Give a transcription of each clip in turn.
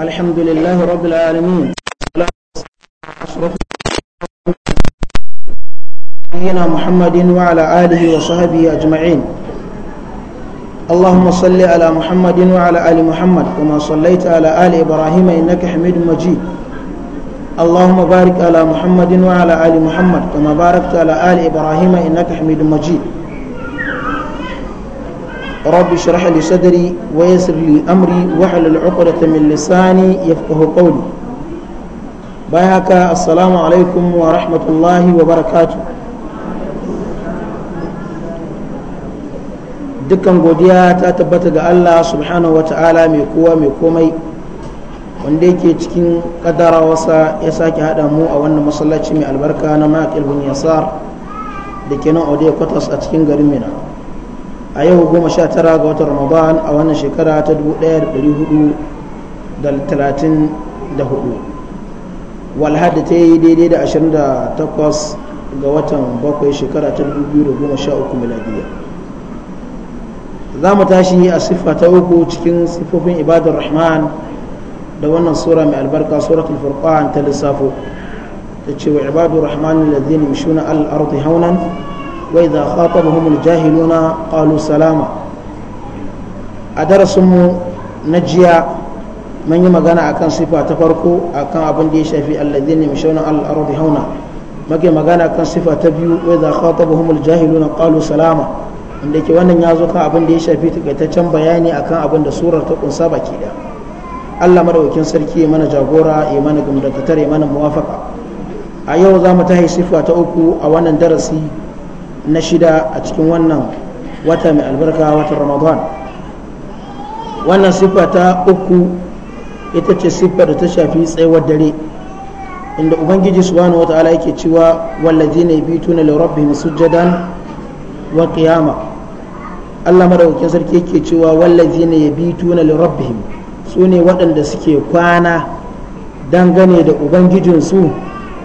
الحمد لله رب العالمين نبينا محمد وعلى آله وصحبه أجمعين اللهم صل على محمد وعلى آل محمد كما صليت على آل إبراهيم إنك حميد مجيد اللهم بارك على محمد وعلى آل محمد كما باركت على آل إبراهيم إنك حميد مجيد رب اشرح لي صدري ويسر لي أمري واحلل عقدة من لساني يفقه قولي بايعك السلام عليكم ورحمة الله وبركاته dukkan godiya ta tabbata ga Allah subhanahu wa ta'ala mai kowa mai komai wanda yake cikin wasa ya sake haɗa mu a wannan masallaci mai albarka na maƙil bin yasar da ke nan kwatas a cikin garin mina a yau goma sha tara ga watan ramadan a wannan shekara ta 1434 walhada ta yi daidai da takwas ga watan bakwai shekara ta 2013 miladiya za mu tashi a siffa ta uku cikin siffofin ibadar rahman da wannan sura mai albarka suratul furqan ta lissafo ta ce wa ibadur rahman alladhina yamshuna al-ardi haunan وإذا خاطبهم الجاهلون قالوا سلاما أدرسهم نجيا من يمغانا أكان صفة تفرقوا أكان أبن دي شافي الذين يمشون على الأرض هنا مكي مغانا أكان صفة تبيو وإذا خاطبهم الجاهلون قالوا سلاما inda ke wannan ya zo kan abin da ya shafi takaitaccen bayani akan abin da surar ta Allah madaukakin sarki ya mana jagora ya mana gumdakatar ya mana muwafaka a yau za mu tahi sifa ta uku a wannan darasi na shida a cikin wannan wata mai albarka watan ramadan wannan siffa ta uku ita ce siffa da ta shafi tsayuwar dare inda ubangiji subhanahu wata'ala yake cewa wallazina bi tuna rabbihim sujadan wa qiyama Allah madaukakin sarki yake cewa bi tuna li su sune waɗanda suke kwana dangane da ubangijinsu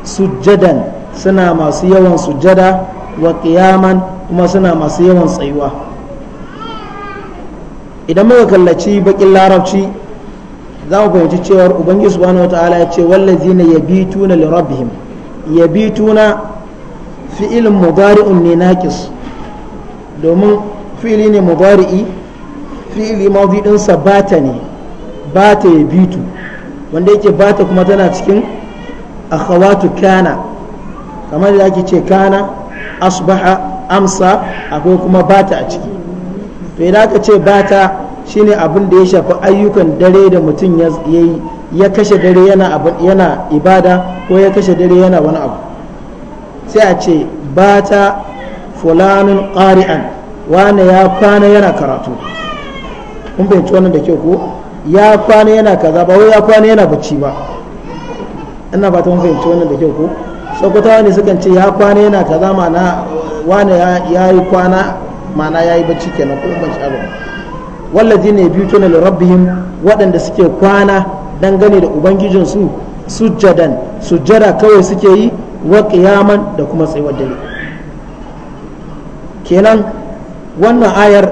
sujjadan suna masu yawan sujjada wa kiyaman kuma suna masu yawan tsayuwa idan muka kallaci bakin larabci za mu fahimci cewar ubangiji subhanahu wataala ya ce wallazina yabituna li rabbihim yabituna fi'il mudari'un ne naqis domin fi'ili ne mudari'i fi'ili madi bata ne bata ya yabitu wanda yake bata kuma tana cikin akhawatu kana kamar da ake ce kana asbaha amsa akwai kuma bata a ciki to idan aka ce bata shine abin da ya shafi ayyukan dare da mutum ya yi ya kashe dare yana ibada ko ya kashe dare yana wani abu sai a ce bata fulanin qari'an wane ya kwana yana karatu kun fahimci wannan da kyau ko ya kwana yana kaza ba wai ya kwana yana bacci ba ina fata mun fahimci wannan da kyau ko sakwatawa ne sukan ce ya kwana yana kaza mana wane ya yi kwana mana ya yi bacci kenan ko ban sha ba wallazi ne biyu tuna rabbihim waɗanda suke kwana dangane da ubangijinsu sujadan sujjada kawai suke yi wa qiyaman da kuma tsayuwar dare kenan wannan ayar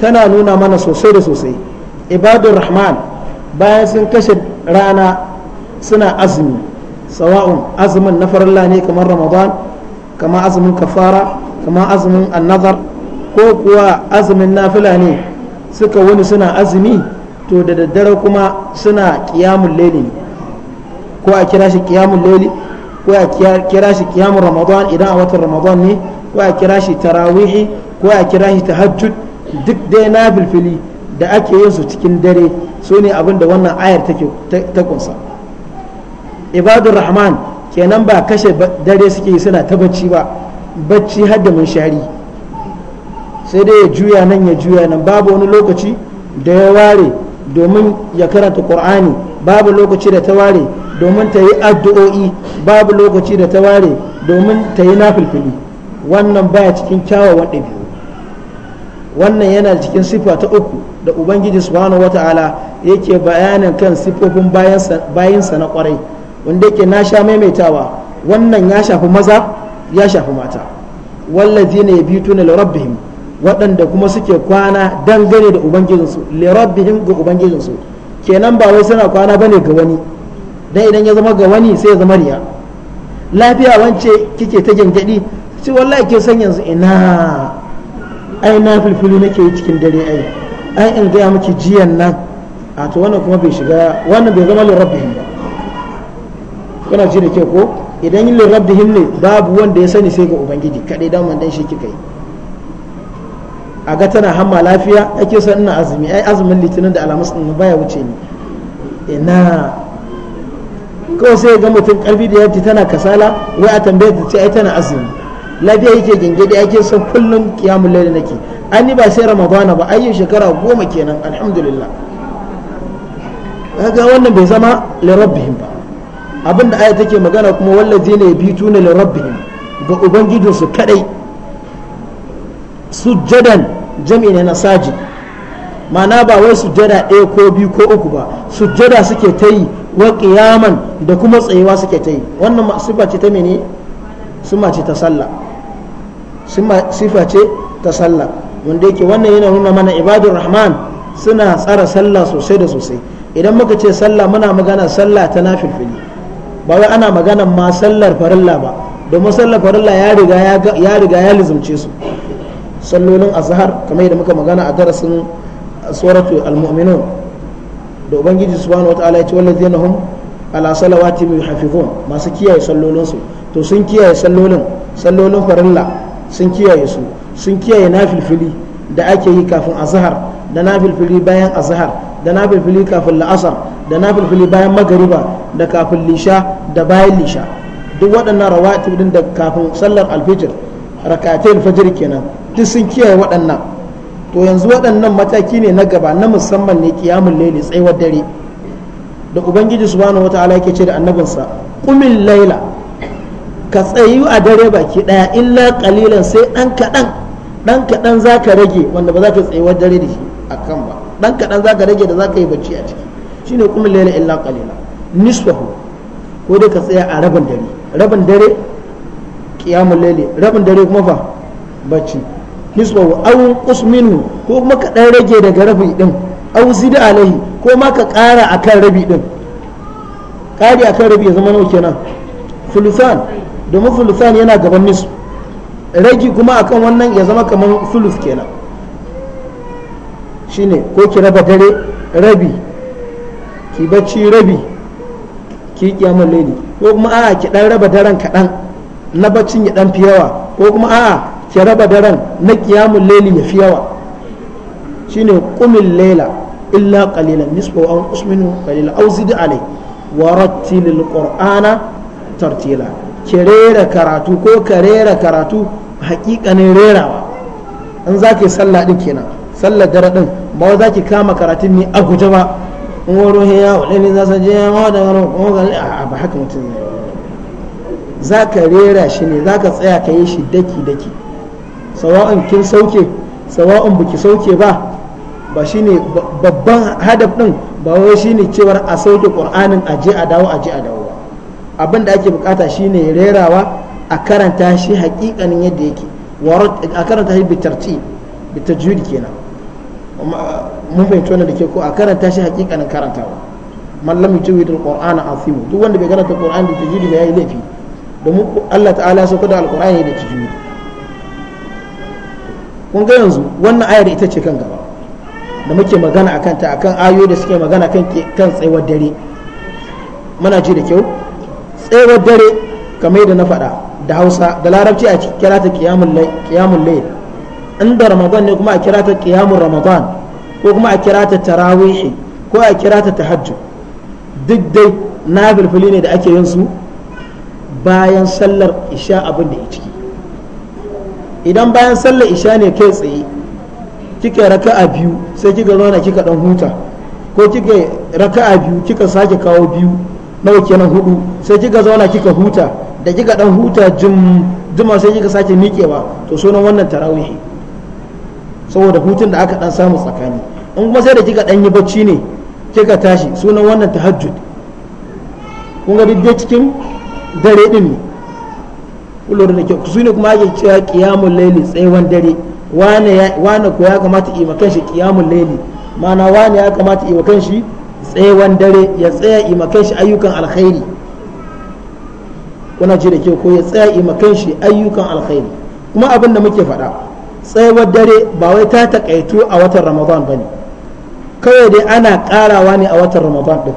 tana nuna mana sosai da sosai ibadur rahman bayan sun kashe rana suna azumi sawa'un azumin na farilla ne kamar ramadan kamar azumin kafara kamar azumin annazar ko kuwa azumin nafila ne suka wani suna azumi to da daddare kuma suna kiyamun leli ko a kira shi kiyamun leli ko a kira shi kiyamun ramadan idan a watan ramadan ne ko a kira shi tarawihi ko a kira shi tahajjud duk dai na bilfili da ake yin su cikin dare sune ne da wannan ayar ta kunsa. ibadur rahman kenan ba kashe dare suke suna ta bacci ba bacci har da munshari sai dai ya juya nan ya juya nan babu wani lokaci da ya ware domin ya karanta qur'ani babu lokaci da ta ware domin ta yi addu'o'i babu lokaci da ta ware domin ta yi nafilfili wannan baya cikin kyawawan ɗabi'u wannan yana cikin sifa ta uku da ubangiji subhanahu wata'ala yake bayanin kan sifofin bayansa na kwarai wanda yake na sha maimaitawa wannan ya shafi maza ya shafi mata wallazi ne biyu tuna rabbihim waɗanda kuma suke kwana dangane da ubangijinsu rabbihim ga ubangijinsu kenan ba wai suna kwana bane ga wani dan idan ya zama ga wani sai ya zama riya lafiya wance kike ta gyangyadi ce wallahi ke san yanzu ina ai na fulfulu nake yi cikin dare ai ai in gaya miki jiyan nan a to wannan kuma bai shiga wannan bai zama rabbihim ba yana ji da ke ko idan yin lirabdihim ne babu wanda ya sani sai ga ubangiji kaɗai don wanda shi kika yi a ga tana hamma lafiya ake son ina azumi ai azumin litinin da alamus ɗin baya wuce ni ina kawai sai ga mutum karfi da yadda tana kasala wai a tambaye ta ce ai tana azumi lafiya yake gingidi ake son kullum kiyamun laili nake an ni ba sai ramadana ba ayyin shekara goma kenan alhamdulillah ga wannan bai zama lirabbihim ba abinda aya take magana kuma wallazi ne bituna li rabbihim ga ubangijinsu kadai sujjadan jami'i ne na saji ma'ana ba wai sujada ɗaya ko biyu ko uku ba sujada suke ta yi wa ƙiyaman da kuma tsayewa suke ta yi wannan sifa ce ta mene ce ta sallah sifa ce ta sallah wanda yake wannan yana nuna mana ibadun rahman suna tsara sallah sosai da sosai idan muka ce sallah muna magana sallah ta nafilfili ba wai ana maganan ma sallar farilla ba domin sallar farilla ya riga ya lizumce su sallolin azhar kamar yadda muka magana a darasin suratu al-mu'minun da ubangiji subhanahu wataala ya ce wallazina hum ala salawati yuhafizun masu kiyaye sallolin to sun kiyaye sallolin sallolin farilla sun kiyaye su sun kiyaye nafilfili da ake yi kafin azhar da nafilfili bayan azhar da nafilfili kafin la'asar da na nafilfili bayan magariba da kafin lisha da bayan lisha duk waɗannan rawatib din da kafin sallar alfijir rakatai alfajir kenan duk sun kiyaye waɗannan to yanzu waɗannan mataki ne na gaba na musamman ne kiyamun laili tsayuwar dare da ubangiji subhanahu wataala yake ce da annabinsa qumil laila ka tsayu a dare baki daya illa qalilan sai dan kadan dan kadan zaka rage wanda ba za ka tsayuwar dare da shi akan ba dan kadan zaka rage da zaka yi bacci a ciki shine kuma laila illa qalila nisfahu ko dai ka tsaya a rabin dare rabin dare qiyamul layli rabin dare kuma fa bacci nisfahu aw qus minhu ko kuma ka dan rage daga rabin din aw zid alaihi ko ma ka ƙara akan rabi din ƙari akan rabi ya zama nawa kenan fulusan domin fulusan yana gaban nisf ragi kuma akan wannan ya zama kamar fulus kenan shine ko ki raba dare rabi ki bacci rabi ki kiyamun laili ko kuma a'a ki dan raba daren kaɗan na baccin ya dan fi yawa ko kuma a'a ki raba daren na kiyamun laili ya fi yawa shine qumil laila illa qalilan nisfu aw usminu qalilan aw zid alai wa rattilil qur'ana tartila ki rera karatu ko ka rera karatu hakikanin rerawa in za ki sallah din kenan sallar dare din ba za ki kama karatun ne a guje ba in ya wadani za su je yawa da garin ogan a ba haka mutum ne za ka rera shi ne za ka tsaya ka yi shi daki-daki sawa'un kin sauke sawa'un baki sauke ba ba shi ne babban hadaf ɗin ba wai shi ne cewar a sauke ƙur'anin aje a dawo aje a dawo ba abin da ake bukata shi ne rerawa a karanta shi hakikanin yadda yake a karanta shi bitarti bitajwid kenan mun fahimci wannan da ke ko a karanta shi hakikanin karantawa mallam yutubi da qur'ana azimu duk wanda bai karanta qur'ani da tajwidi ba yi laifi domin Allah ta'ala ya sauka da alqur'ani da tajwidi kun ga yanzu wannan ayar ita ce kan gaba da muke magana akan ta akan ayoyi da suke magana kan kan tsayuwar dare muna ji da kyau tsayuwar dare kamar yadda na faɗa da Hausa da Larabci a kira ta qiyamul layl inda Ramadan ne kuma a kira ta qiyamul Ramadan ko kuma a kira ta tarawihi ko a kira ta tahajju duk dai na bilfili ne da ake yin su bayan sallar isha abin da ya ciki idan bayan sallar isha ne kai tsaye kika raka a biyu sai kika zauna kika dan huta ko kika raka a biyu kika sake kawo biyu nawa kenan hudu sai kika zauna kika huta da kika dan huta jum juma sai kika sake miƙewa to sunan wannan tarawihi saboda hutun da aka dan samu tsakani in kuma sai da kika dan yi bacci ne kika tashi sunan wannan tahajjud kun ga duk cikin dare din ne kullum da kyau su ne kuma ake cewa kiyamun laili tsayuwan dare wane ko ya kamata ima kanshi kiyamun laili mana wane ya kamata ima kanshi tsayuwan dare ya tsaya ima kanshi ayyukan alkhairi kuna ji da kyau ko ya tsaya ima kanshi ayyukan alkhairi kuma abin da muke faɗa tsayuwar dare ba wai ta taƙaitu a watan ramadan ba ne kawai dai ana karawa ne a watan ramadan din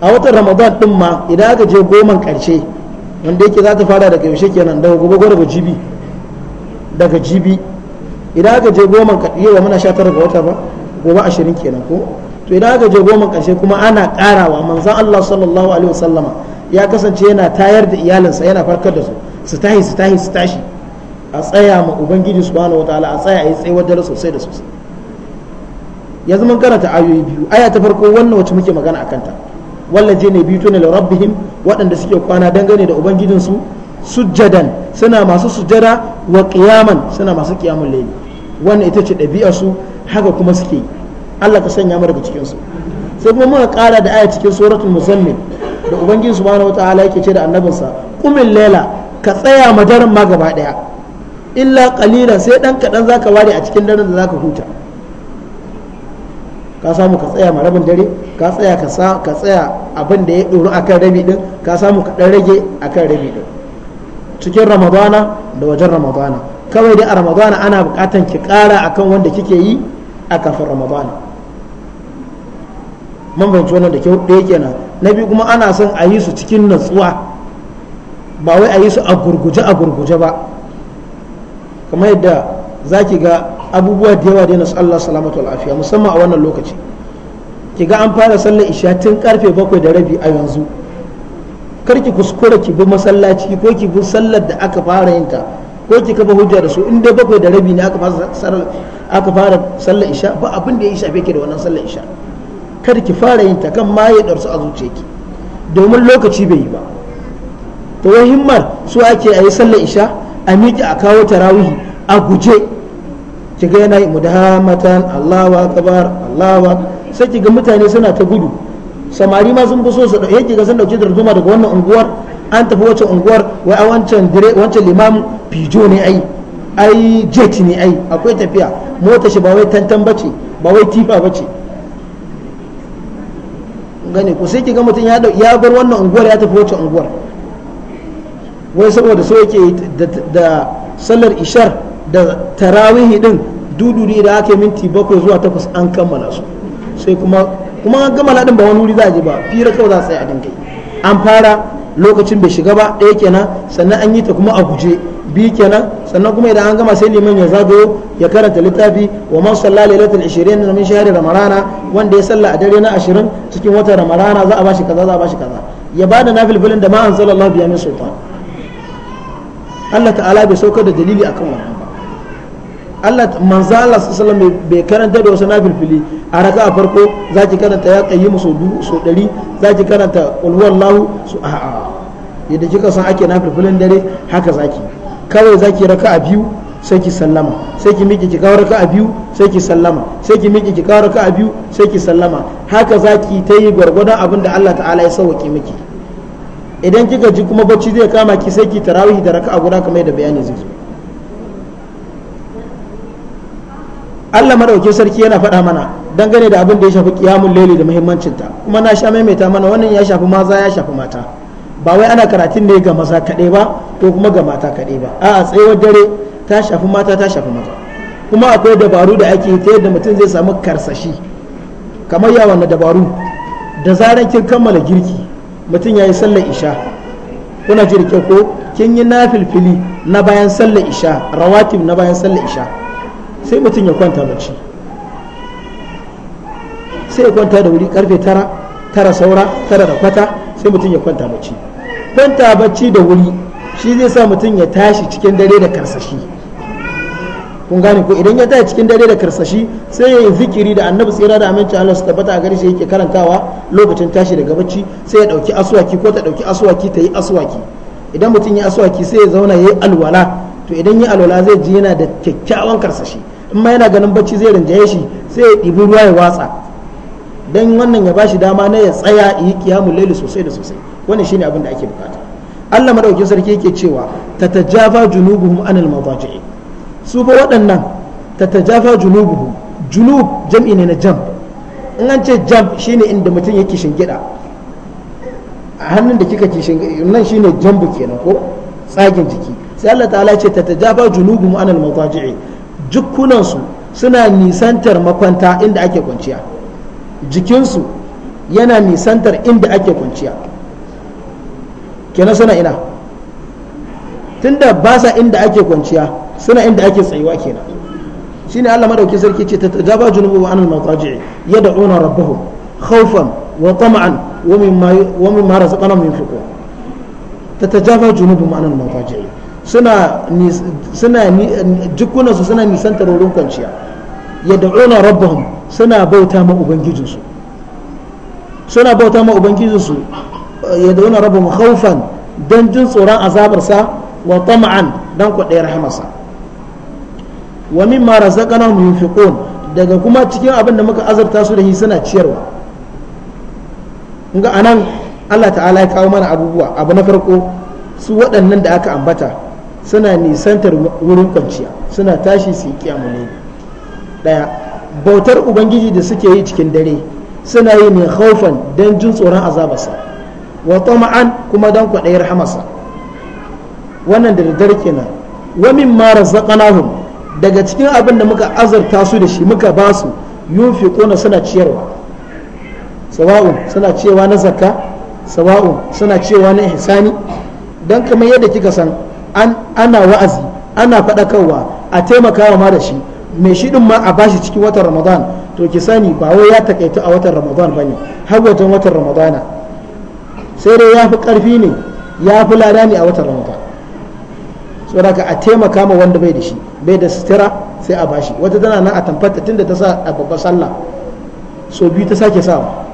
a watan ramadan din ma idan aka je goman karshe wanda yake za ta fara daga yaushe kenan daga gobe gobe jibi daga jibi idan aka je goman karshe wa muna 19 ga wata ba gobe 20 kenan ko to idan aka je goman karshe kuma ana karawa manzon Allah sallallahu alaihi wasallam ya kasance yana tayar da iyalinsa yana farkar da su su tahi su tahi su tashi a tsaya ma ubangiji subhanahu wataala a tsaya a yi tsayuwar dare sosai da sosai yanzu mun karanta ayoyi biyu aya ta farko wannan wacce muke magana akan ta wallace ne biyu tuna rabbihim waɗanda suke kwana dangane da ubangijinsu sujjadan suna masu sujjada wa qiyaman suna masu qiyamul layli wannan ita ce ɗabi'arsu su haka kuma suke yi Allah ka sanya mu daga cikin su sai kuma muka kara da aya cikin suratul musammin da ubangiji subhanahu wataala yake ce da annabinsa qumil layla ka tsaya madaran ma gaba daya illa qalilan sai dan kadan zaka ware a cikin daren da zaka huta ka samu ka tsaya ma rabin dare ka tsaya ka tsaya abin da ya a akan rabi ɗin ka samu ka ɗan rage akan rabi din cikin ramadana da wajen ramadana kawai dai a ramadana ana buƙatan ki ƙara akan wanda kike yi a kafin ramadana man banci wannan da kyau ɗaya kenan na biyu kuma ana son a yi su cikin natsuwa ba wai a yi su a gurguje a gurguje ba kamar yadda za ki ga abubuwa da yawa da yana Allah salamatu al'afiya musamman a wannan lokaci ga an fara sallar isha tun karfe bakwai da rabi a yanzu kar ki kuskura ki bi masallaci ko ki bi sallar da aka fara yin ta ko ki kafa hujja da su in dai bakwai da rabi ne aka fara aka fara sallar isha ba abin da ya shafe ki da wannan sallar isha kar ki fara yin ta kan ma ya darsu a zuciyarki domin lokaci bai yi ba ta wahimmar su ake a yi sallar isha a miƙe a kawo tarawihi a guje kiga yana mudahamatan Allahu akbar Allahu sai kiga mutane suna ta gudu samari ma sun fi so su yake eh, ga sun dauki darduma daga wannan unguwar an tafi wacce unguwar wai a wancan dire wancan limam fijo ne ai ai jet ne ai akwai tafiya mota shi ba wai tantan bace ba wai tifa bace gane ku sai kiga mutum ya bar wannan unguwar ya tafi wacce unguwar wai saboda so yake da sallar ishar da tarawihi din duduri da ake minti bakwai zuwa takwas an kammala su sai kuma kuma an kammala din ba wani wuri za a je ba fira kawai za a tsaya a an fara lokacin bai shiga ba ɗaya kenan sannan an yi ta kuma a guje bi kenan sannan kuma idan an gama sai liman ya zagayo ya karanta littafi wa man salla lailatul 20 na min shahri ramadan wanda ya salla a dare na 20 cikin watan ramadan za a bashi kaza za a bashi kaza ya bada nafilfilin da ma sallallahu biya min sultan Allah ta'ala bai saukar da dalili akan wannan Allah manzo Allah sallallahu alaihi bai karanta da wasu nafilfili a raka a farko za ki karanta ya kayi musu dubu so dari ki karanta lahu su a a'a yadda kika san ake nafilfilin dare haka za ki kawai za ki raka a biyu sai ki sallama sai ki miƙe ki kawo raka a biyu sai ki sallama sai ki miƙe ki kawo raka a biyu sai ki sallama haka za ki ta yi gwargwadon abin da Allah ta'ala ya sauwaƙe miki idan kika ji kuma bacci zai kama ki sai ki tarawihi da raka a guda kamar yadda bayani zai zo Allah madaukin sarki yana faɗa mana dangane da abin da ya shafi kiyamun laili da ta kuma na sha maimaita mana wannan ya shafi maza ya shafi mata ba wai ana karatun ne ga maza kaɗai ba ko kuma ga mata kaɗai ba a'a tsayuwar dare ta shafi mata ta shafi maza kuma akwai dabaru da ake ta yadda mutum zai samu karsashi kamar ya wannan dabaru da zarar kin kammala girki mutum ya yi sallar isha kuna jirke ko kin yi na nafilfili na bayan sallar isha rawatib na bayan sallar isha sai mutum ya kwanta bacci sai ya kwanta da wuri karfe tara tara saura tara da kwata sai mutum ya kwanta bacci kwanta bacci da wuri shi zai sa mutum ya tashi cikin dare da karsashi kun gane ko idan ya tashi cikin dare da karsashi sai ya yi zikiri da annabi tsira da aminci Allah su tabbata a gare shi yake karantawa lokacin tashi daga bacci sai ya dauki aswaki ko ta dauki aswaki ta yi aswaki idan mutum ya aswaki sai ya zauna ya yi alwala to idan ya alwala zai ji yana da kyakkyawan karsashi in ma yana ganin bacci zai rinjaye shi sai ya ɗibi ruwa ya watsa Don wannan ya bashi dama na ya tsaya yi kiyamun laili sosai da sosai wannan shine abin da ake bukata Allah madaukakin sarki yake cewa ta tatajafa junubuhum anil madaji'i su fa waɗannan ta tatajafa junubuhum junub jam'i ne na jam? in an ce jamb shine inda mutum yake shingida a hannun da kika ke shingida nan shine jambu kenan ko tsagin jiki sai Allah ta'ala ce ta tajafa junubuhum anil madaji'i jukkunan su suna nisantar makwanta inda ake kwanciya jikinsu yana nisantar inda ake kwanciya kenan suna ina tunda ba sa inda ake kwanciya suna inda ake tsayuwa kenan shine Allah madauki sarki ce ta tajaba junubu anil mataji'i yad'una rabbahum khawfan wa tama'an wa mimma wa mimma razaqnahum yunfiqun tatajafa junubu anil mataji'i suna suna jikunansu suna nisantar wurin kwanciya yad'una rabbahum suna bauta ma ubangijinsu suna bauta ma ubangijinsu rabbahum don jin tsoron azabarsa wa tama'an don kwaɗayar hamasa wa min mimma razaqnahum yunfiqun daga kuma cikin abin da muka azurta su da shi suna ciyarwa ga anan Allah ta'ala ya kawo mana abubuwa abu na farko su waɗannan da aka ambata suna nisantar wurin kwanciya suna tashi su yi ne daya bautar ubangiji da suke yi cikin dare suna yi ne haufan don jin tsoron azabarsa wa ma'an kuma don kwaɗayar hamasa. wannan da daddare kenan wani mara ma daga cikin abin da muka azarta su da shi muka ba su kona suna ciyarwa sawa'un suna cewa na zakka sawa'un suna cewa na ihsani dan kamar yadda kika san ana wa'azi ana faɗakarwa a wa ma da shi mai shi ɗin ma a bashi cikin watan ramadan to ki sani ba wai ya takaitu a watan ramadan bane har wajen watan ramadana sai dai ya fi ƙarfi ne ya fi lada ne a watan ramadan saboda ka a taimaka ma wanda bai da shi bai da sutura sai a bashi wata tana nan a tamfata tunda ta sa a babbar sallah so biyu ta sake sawa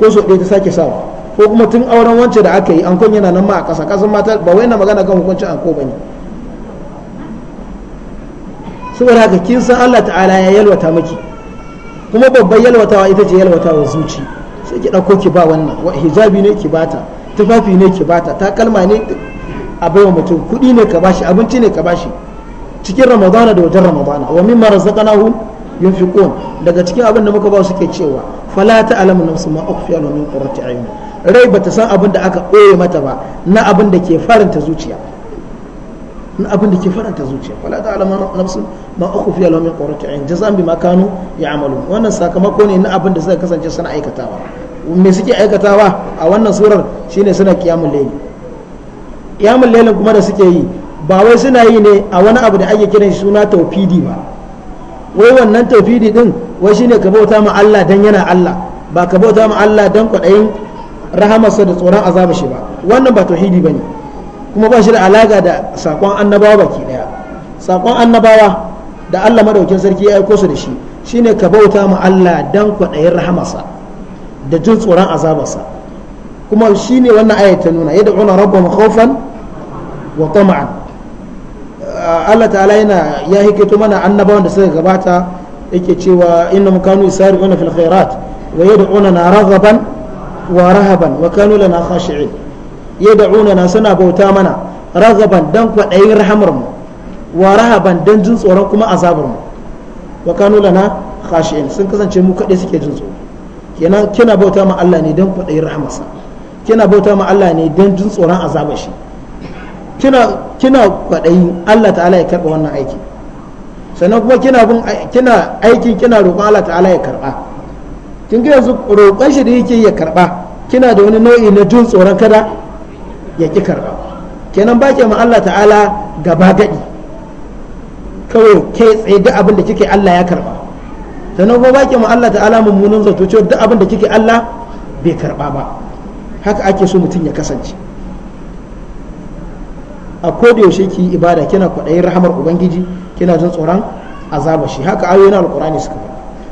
ko so ɗaya ta sake sawa ko kuma tun auren wance da aka yi ankon yana nan ma a ƙasa ƙasan mata ba wai na magana kan hukuncin anko ne saboda haka kin san Allah ta'ala ya yalwata miki kuma babban yalwatawa ita ce yalwatawa zuci sai ki ɗauko ki ba wannan wa hijabi ne ki bata tufafi ne ki bata takalma ne a baiwa mutum kuɗi ne ka bashi abinci ne ka bashi cikin ramadana da wajen ramadana wa mimma razaqnahum yunfiqun daga cikin abin da muka ba suke ke cewa fala ta'lamu na ma ukhfiya lahum min qurrati ayun rai bata san abin da aka ɓoye mata ba na abin da ke faranta zuciya na abin da ke faranta zuciya wala ta alama nafsu ma uku fiye lamin ƙorata in jazan bi makanu ya amalu wannan sakamako ne na abin da suka kasance suna aikatawa me suke aikatawa a wannan surar shine suna kiyamun laili kiyamun lailin kuma da suke yi ba wai suna yi ne a wani abu da ake kiran suna taufidi ba wai wannan taufidi din wai shine ka bauta ma Allah dan yana Allah ba ka bauta ma Allah dan kwaɗayin rahamarsa da tsoron azaba shi ba wannan ba tauhidi bane kuma ba shi da alaka da sakon annabawa baki daya sakon annabawa da Allah madaukin sarki ya aiko su da shi shine ka bauta ma Allah dan kwaɗayin rahamarsa da jin tsoron azabarsa kuma shine wannan ayat ta nuna yad'una rabbahum khawfan wa tama'an ah, Allah ta'ala yana ya hikito mana annabawan da suka gabata yake cewa innahum isari yusari'una fil khairat wa yad'una raghaban wa rahaban wa kanu lana khashi'in yad'unana suna bauta mana ragaban dan kwaɗayin rahamar mu wa rahaban dan jin tsoron kuma azabar mu wa kanu lana khashi'in sun kasance mu kaɗai suke jin tsoro kenan kina bauta ma Allah ne dan kwaɗayin rahamarsa kina bauta ma Allah ne dan jin tsoron azabar shi kina kina kwaɗayin Allah ta'ala ya karba wannan aiki sannan kuma kina bin kina aikin kina roƙon Allah ta'ala ya karba kin ga yanzu roƙon shi da yake ya karba. kina da wani nau'i na jin tsoron kada ya ki karba kenan ba ke ma Allah ta'ala gaba gadi kawai kai tsaye duk abin da kike Allah ya karba sannan kuma ba ke ma Allah ta'ala mummunan zato cewa duk abin da kike Allah bai karba ba haka ake so mutum ya kasance a koda yaushe ki ibada kina kwaɗayin rahamar ubangiji kina jin tsoron azaba shi haka ayoyin alqur'ani suka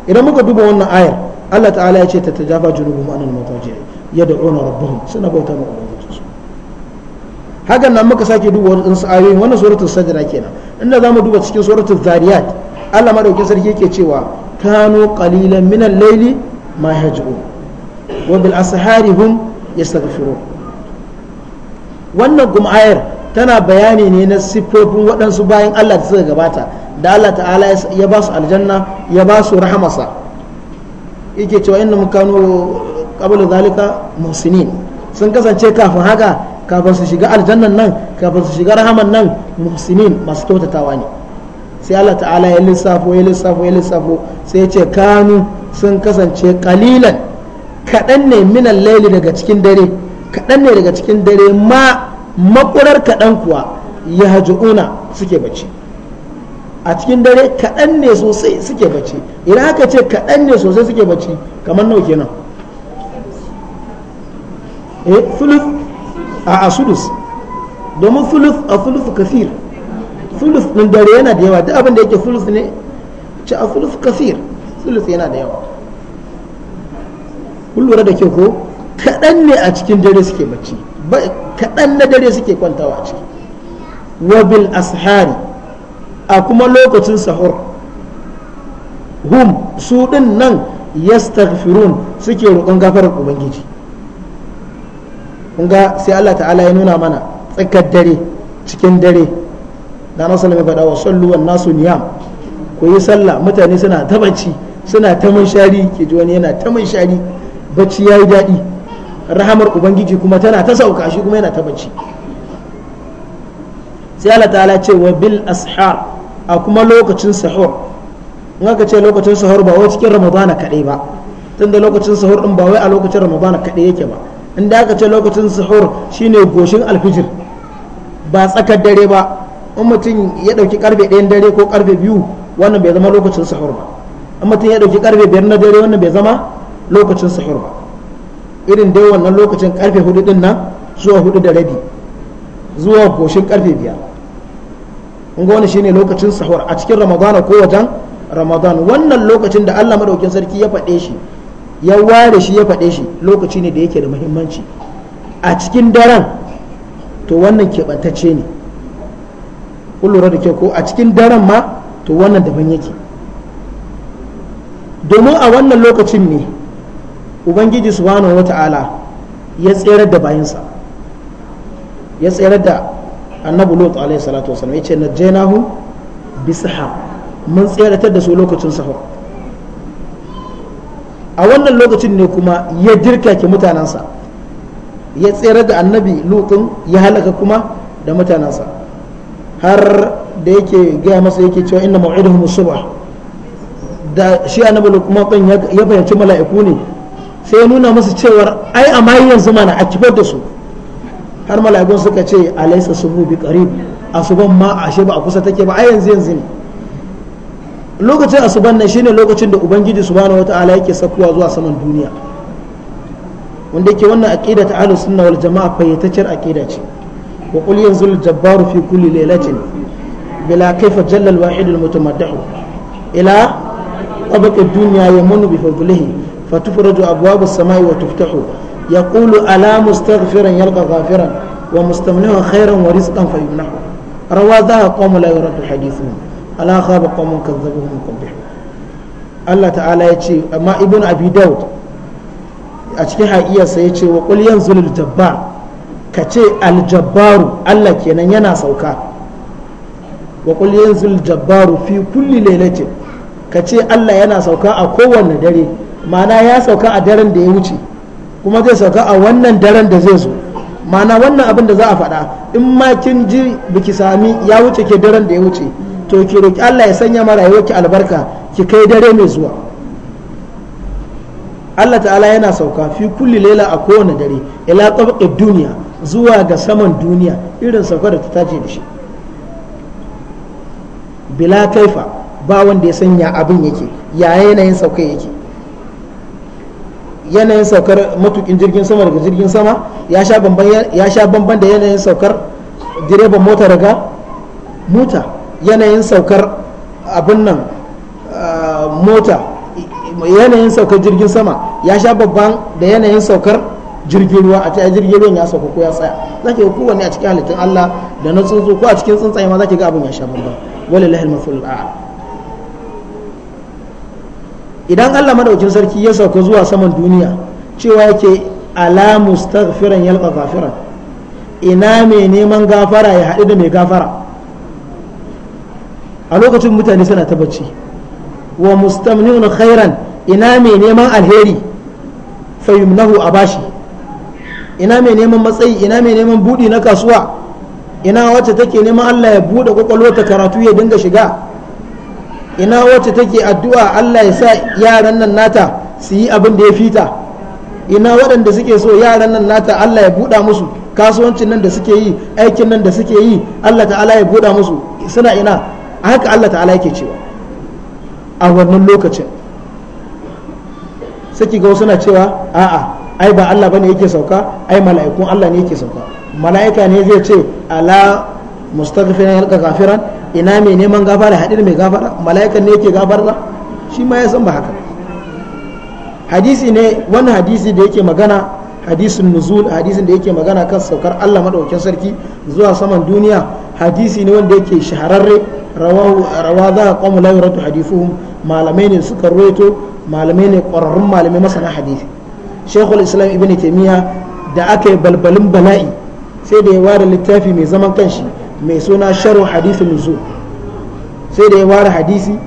idan muka duba wannan ayar Allah ta'ala ya ce ta tajaba junubu ma'anin mutajirai yad'una rabbahum suna bauta ma ubangijinsu hakan nan muka sake duba wani ɗinsu ayoyin wannan suratul sajda kenan inda zamu duba cikin suratul zariyat Allah madaukin sarki yake cewa kanu qalilan min al-layli ma yahjun wa bil ashari hum yastaghfirun wannan gumayar ayar tana bayani ne na siffofin waɗansu bayan Allah ta suka gabata da Allah ta'ala ya ba su aljanna ya ba su rahamarsa yake cewa inna kanu qabla zalika muhsinin sun kasance kafin haka kafin su shiga aljannan nan kafin su shiga rahaman nan muhsinin masu kyautatawa ne sai Allah ta'ala ya lissafo ya lissafo ya lissafo sai ya ce kanu sun kasance kalilan kaɗan ne minan laili daga cikin dare kaɗan ne daga cikin dare ma makurar kaɗan kuwa ya haji'una suke bacci a cikin dare kaɗan ne sosai suke bacci idan haka ce kaɗan ne sosai suke bacci kamar nau kenan eh thuluth a asudus domin thuluth a thuluth kafir thuluth din dare yana da yawa duk abin da yake thuluth ne ci a thuluth kafir thuluth yana da yawa kun lura da ke ko kaɗan ne a cikin dare suke bacci kaɗan na dare suke kwantawa a ciki wabil ashari a kuma lokacin sahur hum su din nan yastaghfirun suke roƙon gafarar ubangiji kun ga sai Allah ta'ala ya nuna mana tsakar dare cikin dare da nasu ya faɗa wa sallu wa nasu niyam ku yi sallah mutane suna ta bacci suna ta munshari ke ji wani yana ta munshari bacci ya yi daɗi rahamar ubangiji kuma tana ta sauka shi kuma yana ta bacci sai Allah ta'ala ce wa bil ashar a kuma lokacin sahur in aka ce lokacin sahur ba wai cikin ramadana kaɗai ba tunda lokacin sahur ɗin ba wai a lokacin ramadana kaɗai yake ba inda aka ce lokacin suhur shine goshin alfijir ba tsakar dare ba in mutum ya dauki karfe ɗayan dare ko karfe biyu wannan bai zama lokacin suhur ba in mutum ya dauki karfe biyar na dare wannan bai zama lokacin suhur ba irin dai wannan lokacin karfe hudu din nan zuwa hudu da rabi zuwa goshin karfe biyar in ga wani shine lokacin suhur a cikin ramadana ko wajen ramadan wannan lokacin da Allah madaukin sarki ya faɗe shi ya ware shi ya faɗe shi lokaci ne da yake da muhimmanci a cikin daren to wannan keɓantacce ne kun lura da kyau ko a cikin daren ma to wannan daban yake domin a wannan lokacin ne ubangiji subhanahu wata'ala ya tserar da bayansa ya tserar da annabu lot alaihi salatu wasallam ya ce na jenahu bisahar mun tseratar da su lokacin sahur a wannan lokacin ne kuma ya jirkake mutanensa ya tsere da annabi lutun ya halaka kuma da mutanensa har da yake gaya masa yake cewa inna mau'iduhum ba da shi annabi kuma kan ya fahimci mala'iku ne sai ya nuna masa cewar ai amma yanzu mana a da su har mala'ikun suka ce alaysa subu bi su asuban ma ashe ba a kusa take ba ai yanzu yanzu ne lokacin asuban nan shine lokacin da ubangiji subhanahu wata'ala yake sakuwa zuwa saman duniya wanda yake wannan aqida ta ahlus sunna wal jamaa fayyataccer aqida ce wa qul yanzul jabbar fi kulli lailatin bila kayfa jalla al wahid al mutamaddih ila tabaq ad dunya yamunu bi fadlihi fatufraju abwab as samaa wa tuftahu yaqulu ala mustaghfiran yalqa ghafiran wa mustamlihan khayran wa rizqan fayumnahu rawadha qawmun la yuradu hadithuhum ala khaba kadzabuhum Allah ta'ala ya ce amma ibn abi daud a cikin haƙiyarsa ya ce wa qul yanzul jabbar ka ce aljabbaru Allah kenan yana sauka wa qul yanzul jabbaru fi kulli laylatin ka ce Allah yana sauka a kowanne dare ma'ana ya sauka a daren da ya wuce kuma zai sauka a wannan daren da zai zo ma'ana wannan abin da za a faɗa in ma kin ji biki sami ya wuce ke daren da ya wuce to ki roki Allah ya sanya ma rayuwarki albarka ki kai dare mai zuwa Allah ta'ala yana sauka fi kulli laila a kowane dare ila tabaqid duniya zuwa ga saman duniya irin sauka da ta tace da shi bila kaifa ba wanda ya sanya abin yake ya yanayin sauka yake yanayin saukar matukin jirgin sama daga jirgin sama ya sha bamban da yanayin saukar direban mota daga mota yanayin saukar abin nan ah, mota yanayin saukar jirgin sama ya sha babban da yanayin saukar jirgin ruwa a cikin jirgin ruwan ya sauka ko ya tsaya ki ga kowanne a cikin halittun Allah da na tsuntsu ko a cikin tsuntsaye ma ki ga abin ya sha babban walillahi al-mafulul a'la idan Allah madaukin sarki ya sauka zuwa saman duniya cewa yake ala mustaghfiran yalqa ghafiran ina mai neman gafara ya haɗu da mai gafara a lokacin mutane suna ta bacci wa mustamniuna khairan ina mai neman alheri fa a bashi ina mai neman matsayi ina mai neman budi na kasuwa ina wacce take neman Allah ya bude ta karatu ya dinga shiga ina wacce take addu'a Allah ya sa yaran nan nata su yi abin da ya fita ina waɗanda suke so yaran nan nata Allah ya buɗa musu kasuwancin nan da suke yi aikin nan da suke yi Allah ta'ala ya buɗa musu suna ina a haka Allah ta'ala yake cewa a wannan lokacin saki ga wasu na cewa a'a ai ba Allah bane yake sauka ai mala'ikun Allah ne yake sauka mala'ika ne zai ce ala mustaghfiran yalqa ghafiran ina mai neman gafara hadin mai gafara mala'ikan ne yake gafarta shi ma ya san ba haka hadisi ne wani hadisi da yake magana hadisin nuzul hadisin da yake magana kan saukar Allah madaukakin sarki zuwa saman duniya hadisi ne wanda yake shahararre rawa za a kwamu lauratu hadithuhum malamai ne suka ruwaito malamai ne kwararrun malamai masana hadisi shekul islam ibn taimiyya da aka yi balbalin bala'i sai da ya ware littafi mai zaman kanshi mai suna sharu hadisi nuzu sai da ya ware hadisi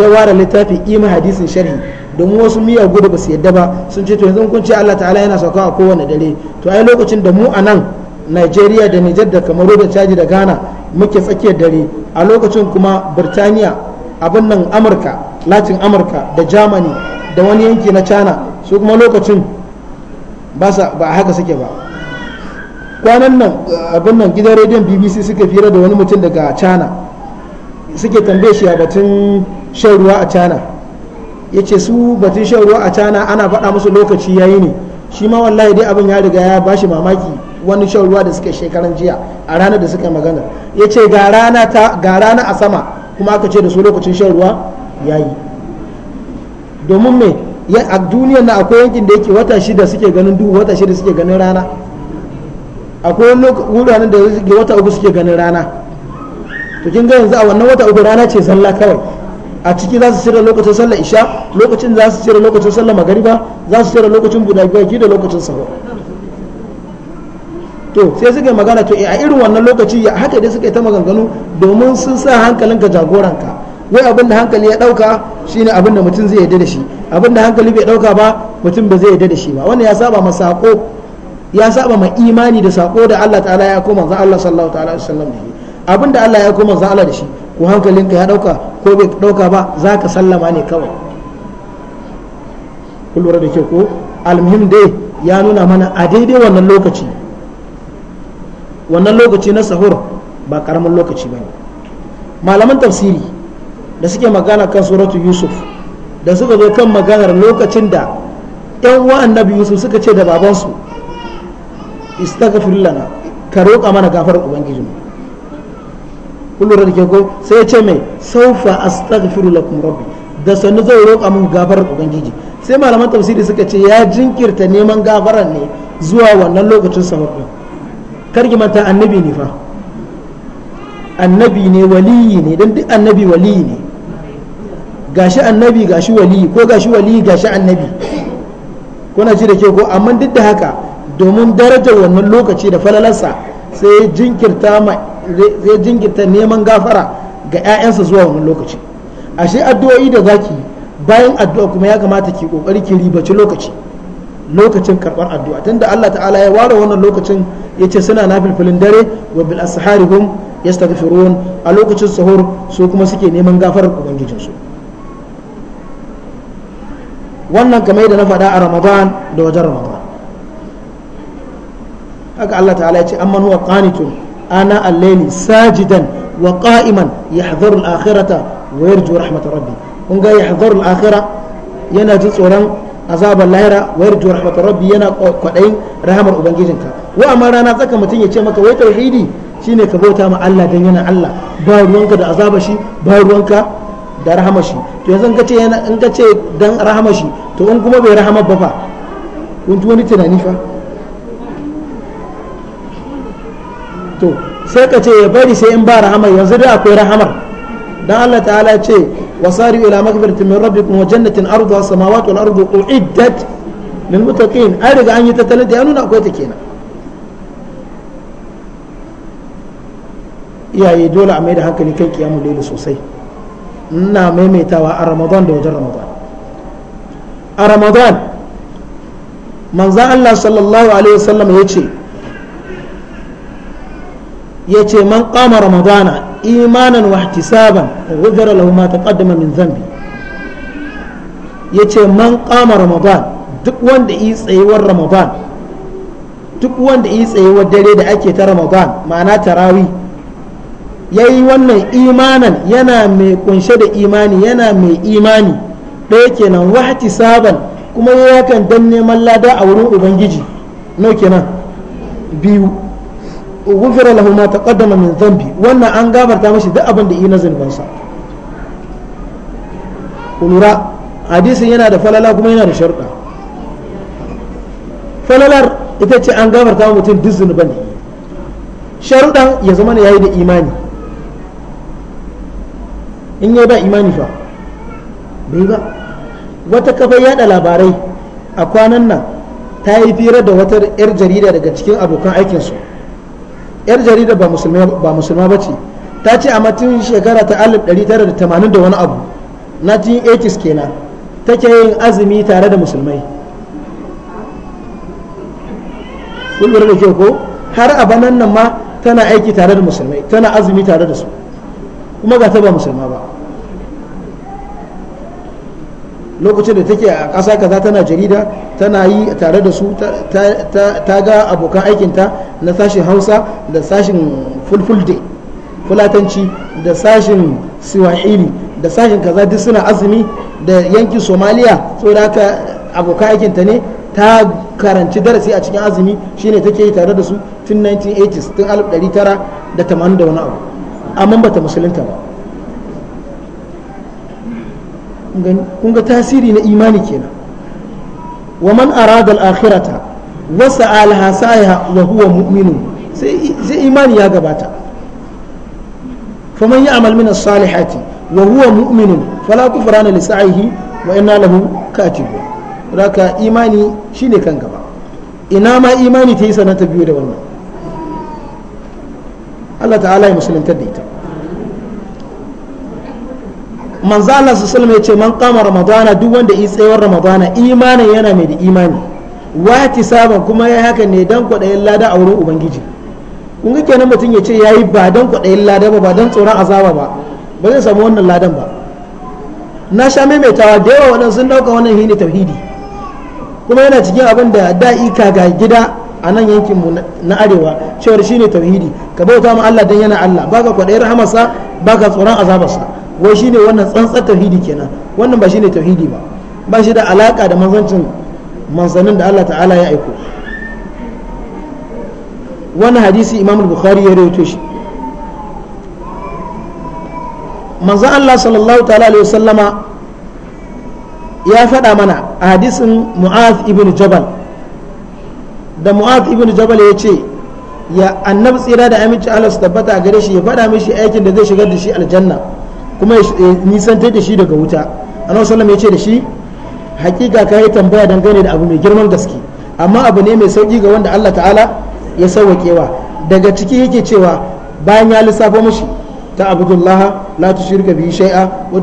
ya ware littafi ima hadisin sharhi domin wasu miyagu da ba su yadda ba sun ce to yanzu kun ce Allah ta'ala yana sauka a kowane dare to ai lokacin da mu a nan nigeria da nijar da kamaru da caji da ghana muke tsakiyar dare a lokacin kuma birtaniya abin nan amurka latin amurka da germany da wani yanki na china su kuma lokacin ba a haka suke ba kwanan nan abin nan gidan rediyon bbc suka fira da wani mutum daga china suke tambaye shi a batun shan ruwa a china ya ce su batun shan ruwa a china ana faɗa musu lokaci yayi ne shi ma wallahi dai abin ya riga ya bashi mamaki wani shan ruwa da suke shekaran jiya a ranar da suke magana ya ce ga rana a sama kuma aka ce da su lokacin shan ruwa ya yi domin me a duniyar na akwai yankin da yake wata shida suke ganin duhu wata shida suke ganin rana akwai wuraren da suke wata uku suke ganin rana to kin ga yanzu a wannan wata uku rana ce sallah kawai a ciki za su cire lokacin sallah isha lokacin za su cire lokacin sallah magariba za su cire lokacin buɗa baki da lokacin sahur to sai suka yi magana to eh, a irin wannan lokaci ya haka dai suka yi ta maganganu domin sun sa hankalinka jagoranka wai abin da hankali ya dauka shine abin da mutum zai yarda da shi abin da hankali bai dauka ba mutum ba zai yarda da shi ba wannan ya saba ma sako ya saba ma imani da sako da Allah ta'ala ya koma manzon Allah sallallahu ta'ala alaihi wasallam da shi abin da Allah ya koma manzon Allah da shi ko hankalinka ya dauka ko bai dauka ba zaka sallama ne kawai kullu da ke ko almuhim dai ya nuna mana a daidai wannan lokaci wannan lokaci na sahur ba karamin lokaci ba ne malaman tafsiri da suke magana kan suratu yusuf da suka zo kan maganar lokacin da yan annabi yusuf suka ce da babansu istaghfir lana ka roƙa mana gafarar mu. kullum da ke ko sai ce mai saufa astaghfiru lakum rabbi da sannu zai roƙa mun gafar ubangiji sai malaman tafsiri suka ce ya jinkirta neman gafarar ne zuwa wannan lokacin sahur karki manta annabi ne fa annabi ne waliyi ne don duk annabi waliyi ne gashi annabi gashi waliyi ko gashi waliyi gashi annabi kuna ji da ke ko amma duk da haka domin darajar wannan lokaci da falalarsa sai ya jinkirta neman gafara ga 'ya'yansa zuwa wannan lokaci ashe addu'o'i da zaki bayan addu'a kuma ya kamata ki kokari ki ribaci lokaci lokacin karbar addu'a tunda Allah ta'ala ya ware wannan lokacin ya ce suna na dare wa bil ashari hum yastaghfirun a lokacin sahur su kuma suke neman gafarar ubangijinsu wannan kamar da na faɗa a ramadan da wajen ramadan haka Allah ta'ala ya ce amman huwa qanitun ana al-layli sajidan wa qa'iman yahdharu al-akhirata wa yarju rahmatar rabbi kun ga yahdharu al-akhirah yana ji tsoron azabar lahira wa yarju rahmatar rabbi yana kwadayin rahamar ubangijinka wa amma rana tsaka mutum ya ce maka wai tauhidi shine ka bauta ma Allah dan yana Allah ba ruwanka da azabar shi ba ruwanka da rahamar shi to yanzu ka ce yana in ka ce dan rahamar shi to in kuma bai rahamar ba fa kun wani tunani fa to sai ka ce ya bari sai in ba rahama yanzu da akwai rahamar dan Allah ta'ala ce wasari ila magfiratin min rabbikum wa jannatin arduha samawati wal ardu uiddat lil muttaqin ai daga an yi tattalin da ya nuna akwai ta kenan iyaye dole a mai da hankali kan kiyamu laili sosai ina maimaitawa a ramadan da wajen ramadan a ramadan manzan Allah sallallahu alaihi wasallam ya ce ya ce man kama ramadana imanan wa ihtisaban ghufira lahu ma taqaddama min zambi ya ce man kama ramadan duk wanda yi tsayewar ramadan duk wanda yi tsayewar dare da ake ta ramadan ma'ana tarawi ya yi wannan imanan yana mai kunshe da imani yana mai imani ɗaya kenan wa saban kuma ya yakan dan neman lada a wurin ubangiji no kenan biyu غفر له ما تقدم من ذنبي wannan an gafarta mashi duk abin da yi na zunubansa kulura hadisin yana da falala kuma yana da sharɗa falalar ita ce an gafarta mutum duk zunuban da yi sharuɗan ya zama ya yi da imani in yi ba imani fa bai ba wata kafa yada labarai a kwanan nan ta yi fira da wata 'yar jarida daga cikin abokan aikinsu yar jarida ba musulma ba ce ta ce a matin shekara ta 1980 da wani abu 1980s kenan take yin azumi tare da musulmai kun da ke ko har a banan nan ma tana aiki tare da musulmai tana azumi tare da su kuma ga ta ba musulma ba lokacin da take a ƙasa kaza tana jarida tana yi tare da su ta ga abokan aikinta na sashin hausa da sashin fulfulde fulatanci da sashin siwahili da sashin kaza duk suna azumi da yankin somaliya da haka abokan aikinta ne ta karanci darasi a cikin azumi shine take yi tare da su tun 1980s tun 1980 s bata musulunta ba kun ga tasiri na imani kenan wa man arada al-akhirata wa sa'alaha sa'iha wa huwa mu'minu sai sai imani ya gabata faman ya'mal min as-salihati wa huwa mu'minun fala kufrana li sa'ihi wa inna lahu katibun raka imani shine kan gaba ina ma imani ta yi sanata biyu da wannan Allah ta'ala ya musulunta da ita manzo Allah sallallahu ya ce man kama ramadana duk wanda yi tsayawar ramadana imanin yana mai da imani wati saban kuma ya haka ne dan kwaɗayin lada a wurin ubangiji kun ga kenan mutum ya ce ya yi ba dan kwaɗayin lada ba ba dan tsoron azaba ba ba zai samu wannan ladan ba na sha maimaitawa da yawa waɗanda sun ɗauka wannan hini tauhidi kuma yana cikin abin da da'i ga gida a nan yankinmu na arewa cewar shine tauhidi ka bauta ma Allah dan yana Allah baka kwaɗayin rahamarsa baka tsoron azabarsa wai shine wannan tsantsar tauhidi kenan wannan ba shine tauhidi ba ba shi da alaka da manzancin manzannin da Allah ta'ala ya aiko wannan hadisi imam bukhari ya rawaito shi manzon Allah sallallahu ta'ala alaihi wasallama ya faɗa mana a hadisin mu'az ibn jabal da mu'az ibn jabal ya ce ya annabi tsira da aminci Allah su tabbata a gare shi ya faɗa mishi aikin da zai shigar da shi aljanna kuma ya nisantar da shi daga wuta annabi sallam ya ce da shi hakika ka yi tambaya dangane da abu mai girman gaske amma abu ne mai sauki ga wanda Allah ta'ala ya sauwaƙewa daga ciki yake cewa bayan ya lissafa mashi ta abdullaha la tushrika bihi shay'a wa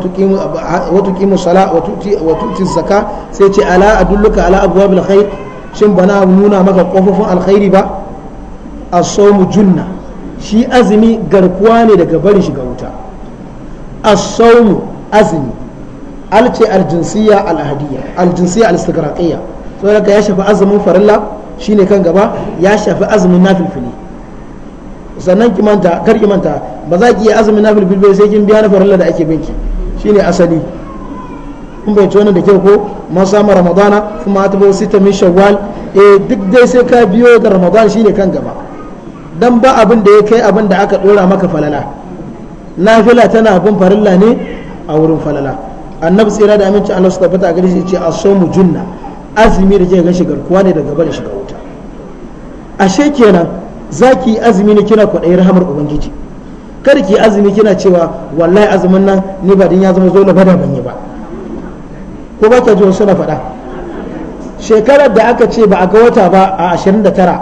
tuqimu wa sala wa wa sai ce ala adulluka ala abwabil khair shin bana nuna maka kofofin alkhairi ba as-sawmu junna shi azumi garkuwa ne daga barin shiga wuta as-sawm azumi al ce al-jinsiyya al-ahadiyya al-jinsiyya al-istigraqiyya so daga ya shafi azumin farilla shine kan gaba ya shafi azumin nafilfili sannan ki manta kar ki manta ba za ki yi azumin nafilfili ba sai kin biya na farilla da ake binki shine asali kun bai ci da kyau ko man samu ramadana kuma ta bau sita min shawwal eh duk dai sai ka biyo da ramadan shine kan gaba dan ba abin da ya kai abin da aka dora maka falala nafila tana bin farilla ne a wurin falala annabi tsira da aminci Allah su tabbata a gare shi ce as junna azumi da ke ga shigar kuwa ne daga bari shiga wuta ashe kenan zaki azumi ne kina kwaɗayi rahamar ubangiji kada ki azumi kina cewa wallahi azumin nan ni ba din ya zama zo bada ban yi ba ko ba ka ji wasu na faɗa shekarar da aka ce ba a ga wata ba a 29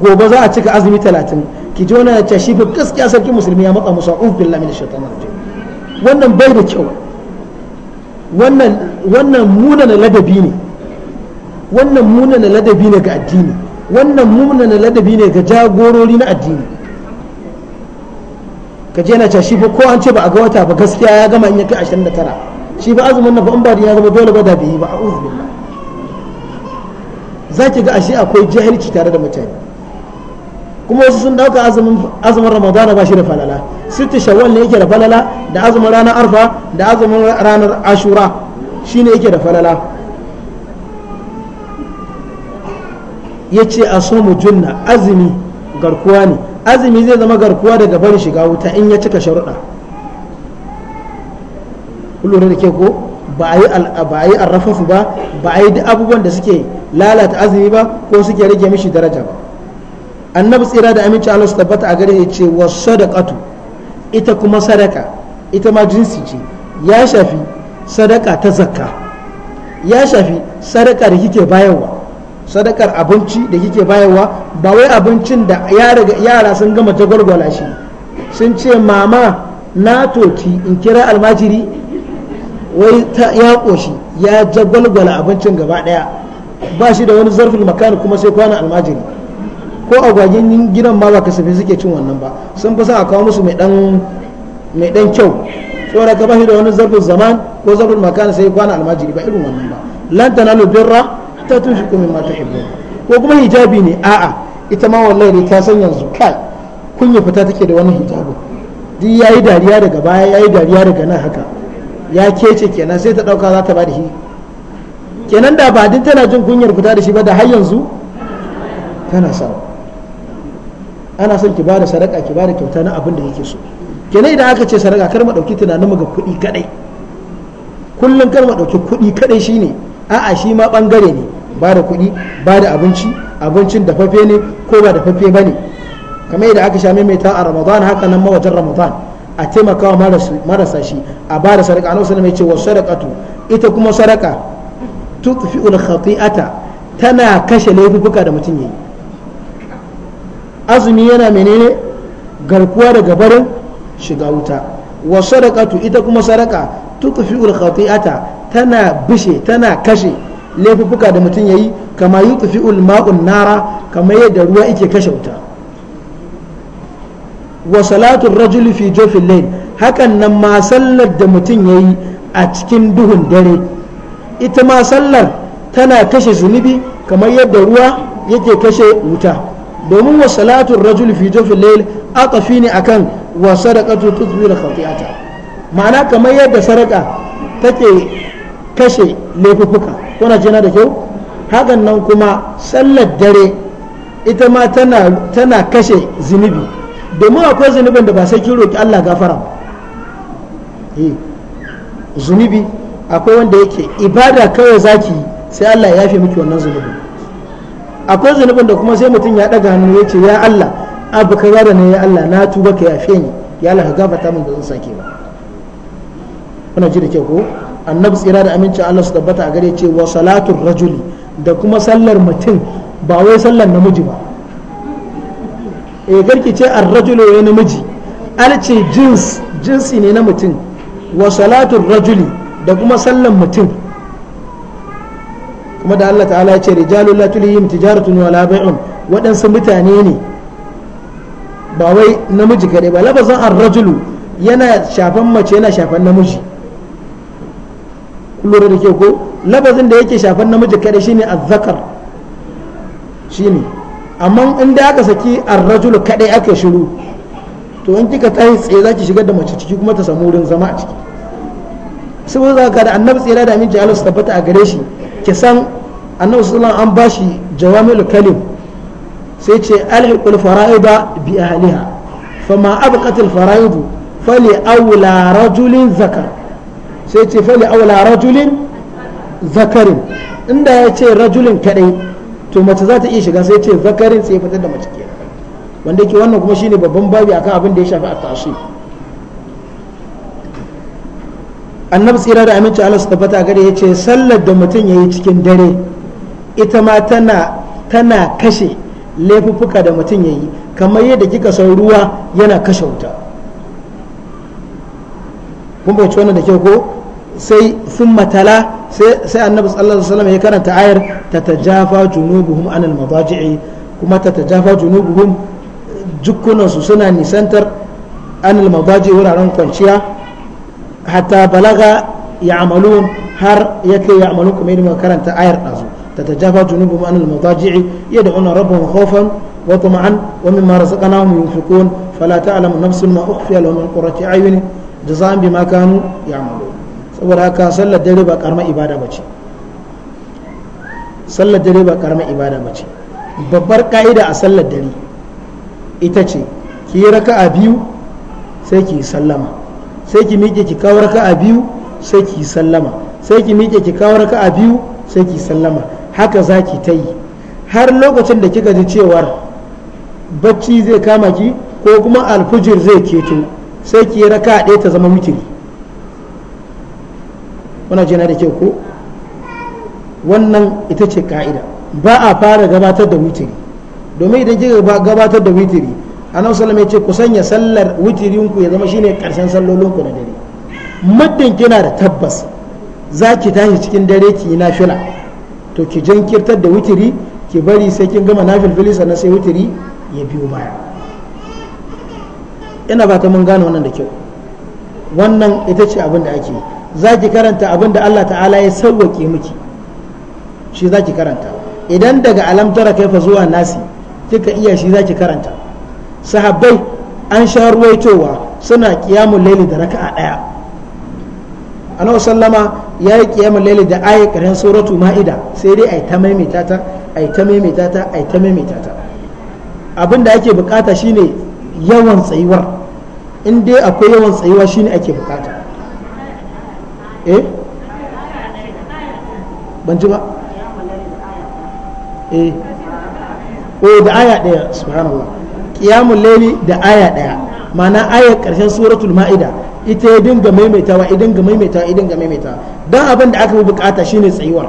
gobe za a cika azumi 30 ki ji ya ta shi gaskiya sarkin musulmi ya matsa musu a ufin lamin shaitan wannan bai da kyau wannan munana ladabi ne wannan munana ladabi ne ga addini wannan munana ladabi ne ga jagorori na addini ka je na ce shi ko an ce ba a ga wata ba gaskiya ya gama in ya kai 29 shi ba azumin na ba in ba ya zama dole ba da bai ba a a'udhu za ki ga ashe akwai jahilci tare da mutane kuma wasu sun dauka azumin ramadana ba shi da falala sitti shawwal ne yake da falala da azumin ranar arfa da azumin ranar ashura ne yake da falala ya ce a so mu junna azumi garkuwa ne azumi zai zama garkuwa daga bari shiga wuta in ya cika sharuɗa kullum da ke ko ba a yi arrafafu ba ba a yi abubuwan da suke lalata azumi ba ko suke rage mishi daraja ba annabi tsira da aminci Allah su tabbata a gare ce wa sadaqatu ita kuma sadaka ita ma jinsi ce ya shafi sadaka ta zakka ya shafi sadaka da kike bayarwa sadakar abinci da kike bayarwa ba wai abincin da yara sun gama jagwalgwala shi sun ce mama na toci in kira almajiri wai ta ya koshi ya jagwalgwala abincin gaba daya ba shi da wani zarfin makani kuma sai kwana almajiri ko agwagin gidan ma ba kasafin suke cin wannan ba sun fi sa a kawo musu mai dan kyau tsora ka bashi da wani zarfin zaman ko zarfin makan sai kwana almajiri ba irin wannan ba lan tanalu birra ta kuma mata tuhibbun ko kuma hijabi ne a'a ita ma wallahi ta san yanzu kai kunya fita take da wannan hijabin duk yayi dariya daga baya yayi dariya daga nan haka ya kece kenan sai ta dauka za ta ba da shi kenan da ba din tana jin kunyar fita da shi ba da har yanzu tana sawa ana son ki bada sadaka ki bada kyauta na abin da yake so kenan idan aka ce sadaka kar ɗauki dauki tunanin mu ga kuɗi kadai kullum kar ma dauki kuɗi kadai shine a'a shi ma bangare ne ba da kuɗi ba abinci abincin dafaffe ne ko ba dafaffe ba ne kamar idan aka sha maimaita a ramadan haka nan mawajen ramadan a taimakawa marasa shi a bada sadaka a sallallahu alaihi mai ya ce ita kuma sadaka tutfi'ul khati'ata tana kashe laifuka da mutum yayi azumi yana menene garkuwa daga barin shiga wuta wa sadaqatu ita kuma sadaka tukfi'ul khati'ata tana bishe tana kashe laifuffuka da mutum yayi kama yutfi'ul ma'un nara kama yadda ruwa yake kashe wuta wa salatun rajuli fi jofin lain hakan nan ma sallar da mutum ya yi a cikin duhun dare ita ma sallar tana kashe zunubi kamar yadda ruwa yake kashe wuta domin wa salatun rajul fi jofin a tafi ne akan wa sadaqatu tutbi da khati'ata ma'ana kamar yadda sadaka take kashe laifuka, kuna jina da kyau hakan nan kuma sallar dare ita ma tana kashe zunubi domin akwai zunubin da ba sai kin roki Allah gafara ba eh, zunubi akwai wanda yake ibada kawai zaki sai Allah ya yafe miki wannan zunubin akwai zunubin da kuma sai mutum ya daga hannu ya ce ya Allah abu ka da ne ya Allah na tuba ka yafe ni ya Allah ka gafarta min da zan sake ba kuna ji da kyau ko annabi tsira da amincin Allah su tabbata a gare ce wa salatul rajuli da kuma sallar mutum ba wai sallar namiji ba e eh, garki ce ar-rajulu ya namiji alce jins jinsi ne na mutum wa salatul rajuli da kuma sallar mutum kuma da Allah ta'ala ya ce rijalul la tulihim tijaratun la bai'un waɗansu mutane ne ba wai namiji kaɗai ba labazan ar-rajulu yana shafan mace yana shafan namiji kullum da ke ko labazin da yake shafan namiji kaɗai shine az-zakar shine amma in da aka saki ar-rajulu kaɗai aka shiru to in kika tashi tsaye za ki shigar da mace ciki kuma ta samu wurin zama a ciki saboda za ka da annabi tsira da aminci Allah tabbata a gare shi ki san annabi sallallahu an bashi jawamil kalim sai ce alhiqul fara'ida bi ahliha fama abqatil fa fali awla rajulin zakar sai ce fali awla rajulin zakarin inda ya ce rajulin kadai to mace za ta iya shiga sai ce zakarin sai fitar da mace kenan wanda ke wannan kuma shine babban babi akan abin da ya shafi at-tashib annabi tsira da aminci Allah su tabbata gare ya ce sallar da mutum ya yi cikin dare ita ma tana tana kashe laifuffuka da mutum ya yi kamar yadda kika san ruwa yana kashe wuta kun bai wannan da kyau ko sai sun matala sai annabi sallallahu alaihi wasallam ya karanta ayar ta anan junubuhum anil madaji'i kuma ta tatajafa junubuhum jikunansu suna nisantar anil madaji'i wuraren kwanciya hatta balaga ya'malun har ya ya'malun kuma yadda karanta ayar dazu تتجافى جنوبهم عن المضاجع يدعون ربهم خوفا وطمعا ومما رزقناهم ينفقون فلا تعلم نفس ما أخفي لهم من قرة أعين جزاء بما كانوا يعملون saboda haka sallar dare ba karamar ibada ba sallar dare ba karamar ibada ba babbar ka'ida a sallar dare ita ce ki yi raka'a biyu sai ki sallama sai ki miƙe ki kawar ka a biyu sai ki sallama sai ki miƙe ki kawar ka a biyu sai ki sallama haka za ki ta yi har lokacin da kika ji cewar bacci zai kama ki ko kuma alfujir zai keto sai ki raka ɗaya ta zama witiri wannan jina da kyau ko wannan ita ce ka'ida ba a fara gabatar da witiri domin idan kika gabatar da witiri annabi sallallahu ya ce ku sanya sallar wutirin ku ya zama shine karshen sallolin ku na dare muddin kina da tabbas za ki tashi cikin dare ki yi nafila to ki jinkirtar da wutiri ki bari sai kin gama fili sannan sai wutiri ya biyo baya ina ba ta mun gane wannan da kyau wannan ita ce abin da ake za ki karanta abin da Allah ta'ala ya sauwake miki shi za ki karanta idan daga alamtara fa zuwa nasi kika iya shi za ki karanta sahabbai an sha ruwaitowa suna kiyamun laili da raka'a daya annabi sallama ya yi kiyamun laili da ayi karshen suratu ma'ida sai dai ai ta maimaita ta ai ta maimaita ta ai ta maimaita ta abinda ake bukata shine yawan tsayuwar in dai akwai yawan tsayuwa shine ake bukata eh ban ji ba eh oh, da aya daya subhanallah qiyamul layli da aya daya ma'ana ayar karshen suratul ma'ida ita ya dinga maimaitawa ya dinga maimaitawa ya dinga maimaitawa dan abin da aka fi bukata shine tsayuwa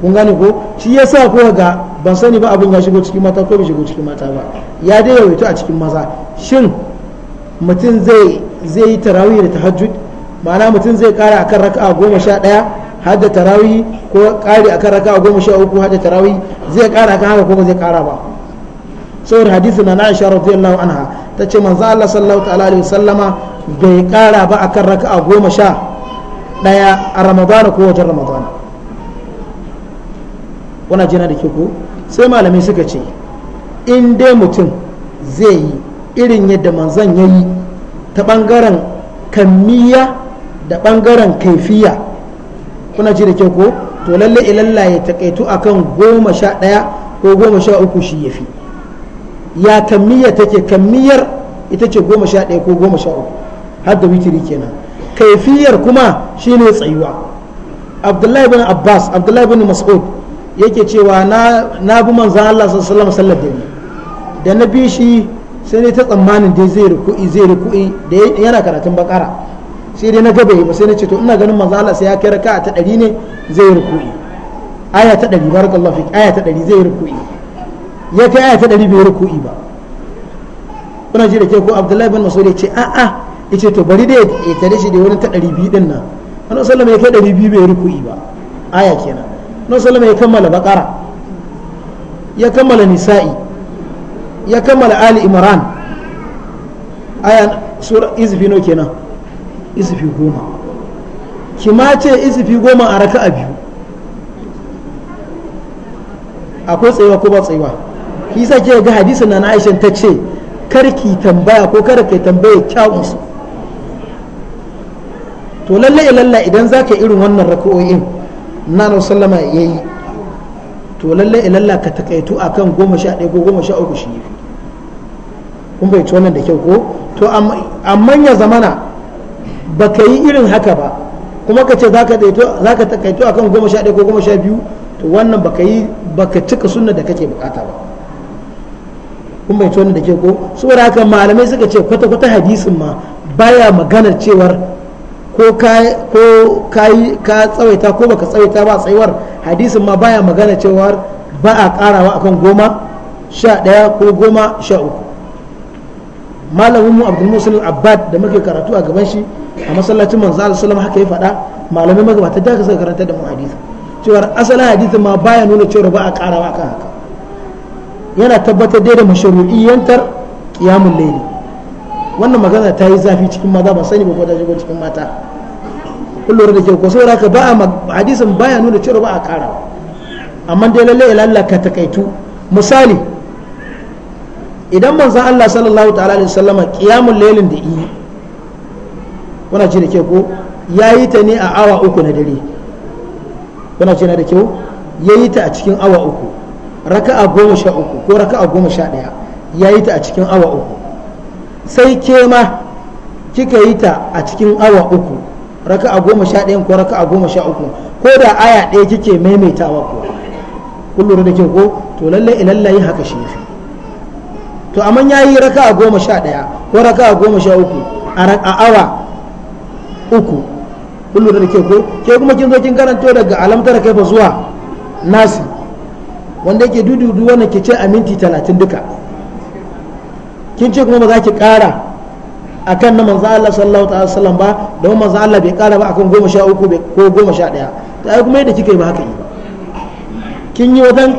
kun gane ko shi yasa ko ga ban sani ba abin ya shigo cikin mata ko bai shigo cikin mata ba ya dai yawaito a cikin maza shin mutum zai zai yi tarawih da tahajjud ma'ana mutum zai kara akan raka'a goma sha ɗaya hadda tarawih ko kare akan raka'a goma sha uku hadda tarawih zai kara akan haka ko ba zai kara ba saboda hadisi na Aisha radiyallahu anha ce manzo Allah sallallahu ta'ala alaihi Sallama bai kara ba akan raka'a goma sha daya a Ramadan ko wajen Ramadan wannan jina da ke ko sai malami suka ce in dai mutum zai yi irin yadda manzon ya yi ta bangaren kammiya da bangaren kaifiya kuna ji da ke ko to lalle ilalla ya takaitu akan goma sha daya ko goma sha uku shi ya fi ya kammiya take kammiyar ita ce goma sha ɗaya ko goma sha uku har da witiri kenan kaifiyar kuma shine tsayuwa abdullahi bin abbas abdullahi bin mas'ud yake cewa na bi manzan allah sallallahu alaihi da ni da na bi shi sai ne ta tsammanin dai zai ruku'i zai ruku'i da yana karatun bakara sai dai na gaba ba sai na ce to ina ganin manzan allah sai ya kai raka'a ta ɗari ne zai ruku'i aya ta ɗari barakallahu fik aya ta ɗari zai ruku'i ya kai aya ta biyar ruku'i ba kuna ji da ke ko abdullahi bin mas'ud ya ce a'a yace to bari dai ya tare shi da wani ta ɗari biyu ɗin nan annabi sallallahu alaihi ya kai ɗari biyu biyar ruku'i ba aya kenan annabi sallallahu ya kammala baqara ya kammala nisa'i ya kammala ali imran aya sura izfi no kenan izfi goma ki ma ce izfi goma a raka'a biyu akwai tsayuwa ko ba tsayuwa shi sa ke ga hadisin na Aisha ta ce karki tambaya ko kada kai tambaya kyawun su to lalle lalle idan zaka irin wannan raka'o'in na sallama yayi to lalle lalle ka takaitu akan 11 ko 13 shi yafi kun bai ci wannan da kyau ko to amma ya zamana ba ka yi irin haka ba kuma ka ce za ka goma akan ɗaya ko goma sha biyu to wannan ba ka yi ba ka cika sunna da kake bukata ba kun bai wani da ke ko saboda haka malamai suka ce kwata kwata hadisin ma baya maganar cewar ko ka tsawaita ko baka tsawaita ba tsayuwar hadisin ma baya magana cewar ba a karawa akan goma sha ɗaya ko goma sha uku malamin mu abdul musul abbad da muke karatu a gaban shi a masallacin manzo alaihi salam haka ya faɗa malamai magabata da suka karanta da mu hadisi cewar asalin hadisin ma baya nuna cewar ba a karawa akan haka yana tabbatar da mashru'iyyantar kiyamun laili wannan magana ta yi zafi cikin maza ba sani ba ko ta shigo cikin mata kullum da ke ko saboda haka ba a hadisin baya nuna cewa ba a kara amma dai lalle Allah ka takaitu misali idan manzon Allah sallallahu ta'ala alaihi wasallama qiyamul lailin da yi wannan ji da ke ko yayi ta ne a awa uku na dare wannan ji na da kyau yayi ta a cikin awa uku raka'a goma sha uku ko raka'a goma sha ɗaya ya yi ta a cikin awa uku sai ke ma kika yi ta a cikin awa uku raka'a goma sha ɗaya ko raka'a goma sha uku ko da aya ɗaya kike maimaitawa ko kun lura da ke ko to lallai ilallahi haka shi yafi to amma ya yi raka'a goma sha ɗaya ko raka'a goma sha uku a awa uku kun lura da ke ko ke kuma kin zo kin karanto daga alamtar kai fa zuwa nasi wanda yake dudu wanda ke ce a minti talatin duka kin ce kuma ba za ki kara kan na manzo Allah sallallahu ta'ala wasallam ba da manzo Allah bai kara ba akan goma sha uku ko goma sha ɗaya to ai kuma yadda kika yi ba haka yi ba kin yi wajen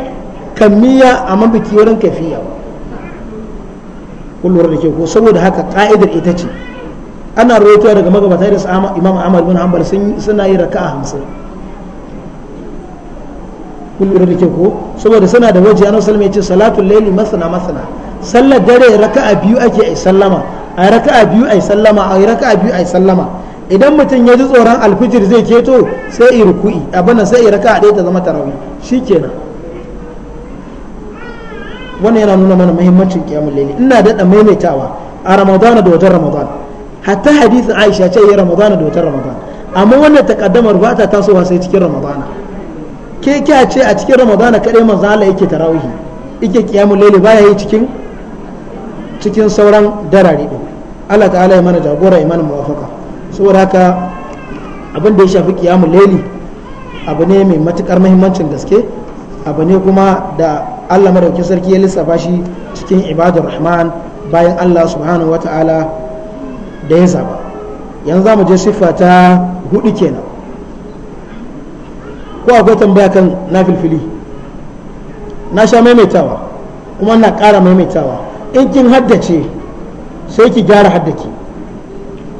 kammiya amma ki wurin kafiya ba kun da ke ko saboda haka ka'idar ita ce ana rawaitowa daga magabata da imam Ahmad bin Hanbal suna yi raka'a hamsin kullum da ke ko saboda suna da waje annabi sallallahu alaihi wasallam ya ce salatul layli masana masana sallar dare raka'a biyu ake ai sallama ai raka'a biyu ai sallama ai raka'a biyu ai sallama idan mutum ya ji tsoron alfijir zai keto sai yi ruku'i abin nan sai i raka'a ɗaya ta zama tarawih shikenan wannan yana nuna mana muhimmancin kiyamul layli ina daɗa maimaitawa a ramadana da wajen ramadan hatta hadisin aisha ce yi ramadana da wajen ramadan amma wannan takaddamar ba ta tasowa sai cikin ramadana ke kya ce a cikin ramadana kaɗai manzo Allah yake tarawihi yake kiyamul layli baya yi cikin cikin sauran darare din Allah ta'ala ya mana jagora imanin muwafaka saboda haka abin da ya shafi kiyamul layli abu ne mai matukar mahimmancin gaske abu ne kuma da Allah dauki sarki ya lissafa shi cikin ibadur rahman bayan Allah subhanahu wata'ala da ya zaba yanzu za mu je siffa ta hudu kenan ko akwai tambaya kan na filfili na sha maimaitawa kuma na ƙara maimaitawa in kin haddace sai ki gyara haddaki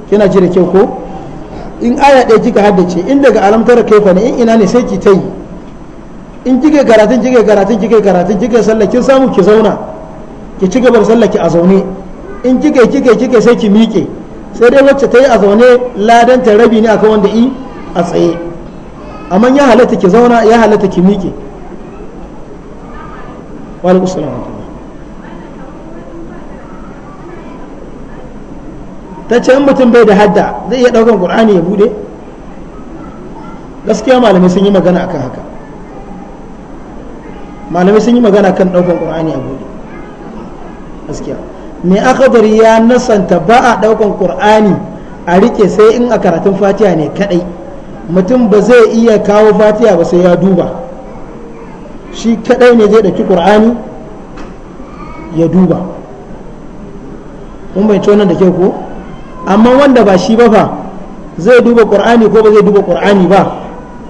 kina ji da kyau ko in aya ɗaya kika haddace in daga alamtar kaifa ne in ina ne sai ki ta yi in kike karatun kike karatun kike karatun kike sallah kin samu ki zauna ki ci gaba da sallah ki a zaune in kike kike kike sai ki miƙe sai dai wacce ta yi a zaune ladan ta rabi ne akan wanda i a tsaye amma ya halatta ki zauna ya halatta ki miƙe ta ce in mutum bai da hadda zai iya ɗaukan ƙur'ani ya bude gaskiya malamai sun yi magana akan haka malamai sun yi magana kan ɗaukan ƙur'ani a bude gaskiya mai akadar ya nasanta ba a ɗaukan ƙur'ani a rike sai in a karatun fatiha ne kaɗai mutum ba zai iya kawo fatiha ba sai ya duba shi kadai ne zai ɗauki ƙur'ani ya duba kuma bai wannan da ke ko amma wanda ba shi ba fa zai duba ƙur'ani ko ba zai duba ƙur'ani ba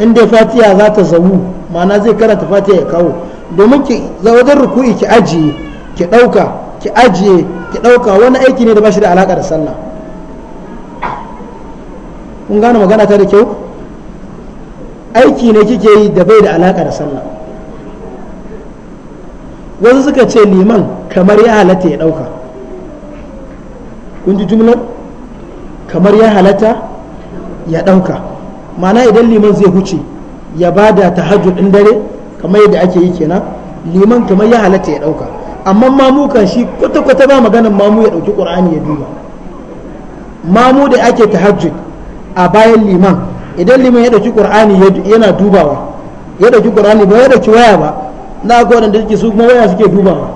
inda fatiha za ta zawu ma'ana zai karanta fatiha ya kawo domin ki wajen ruku'i ki ajiye ki ɗauka ki ajiye ki ɗauka wani aiki ne da ba shi da alaƙa da sallah kun gane magana ta da kyau aiki ne kike yi da bai da alaka da sallah wasu suka ce liman kamar ya halatta ya dauka kun ji jumlar kamar ya halatta ya dauka ma'ana idan liman zai huce ya ba da hajji ɗin dare kamar yadda ake yi kenan liman kamar ya halatta ya dauka amma mamu kan shi kwata-kwata ba maganin mamu ya ɗauki ƙur'ani ya duba mamu da ake hajji a bayan liman idan liman ya dauki qur'ani yana dubawa ya dauki qur'ani ba ya dauki waya ba na ga wadanda suke su kuma waya suke dubawa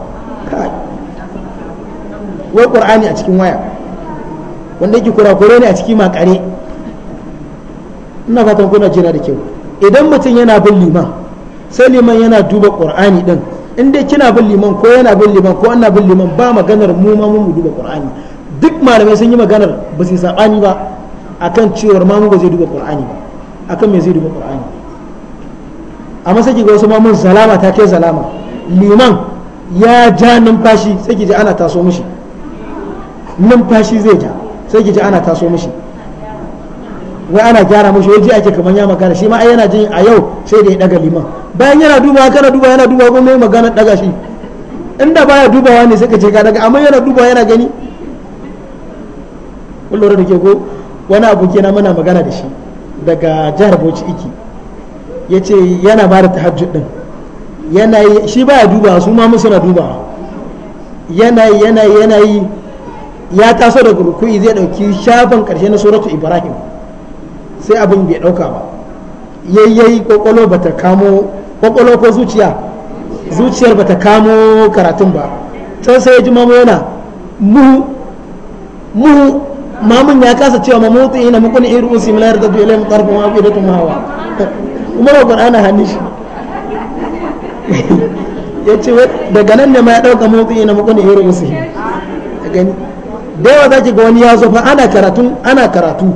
wai qur'ani a cikin waya wanda yake kurakure ne a cikin makare ina fatan kuna jira da kyau idan mutum yana bin liman sai liman yana duba qur'ani din in dai kina bin liman ko yana bin liman ko ana bin liman ba maganar mu ma mu duba qur'ani duk malamai sun yi maganar ba su sabani ba akan cewar mamu zai duba qur'ani ba akan me zai duba qur'ani amma sai ga wasu mamun zalama ta kai zalama liman ya ja numfashi sai ji ana taso mishi numfashi zai ja sai ji ana taso mishi wai ana gyara mishi wai ji ake kamar ya magana shi ma ai yana jin a yau sai da ya daga liman bayan yana dubawa kana duba yana dubawa gome magana daga shi inda baya dubawa ne sai ka ce ka daga amma yana dubawa yana gani kullum da ke ko wani aboki na muna magana da shi daga jihar bauchi iki ya ce yana ba da tahajjud din Yanayi shi ba ya duba su ma musu na duba Yanayi yanayi yanayi ya taso da rukui zai dauki shafin karshe na suratu ibrahim sai abin bai dauka ba yayyayi ba bata kamo kokolo ko zuciya zuciyar bata kamo karatun ba can sai ya ji mamu yana muhu muhu mamun ya kasa cewa ma motsi ina mukun iri usi mala yarda bi ilayhim tarfu ma bi datum hawa kuma ba qur'ana hannun shi ce daga nan ne ma ya dauka motsi ina mukun iri usi gani da yawa za ki ga wani ya zo fa ana karatu ana karatu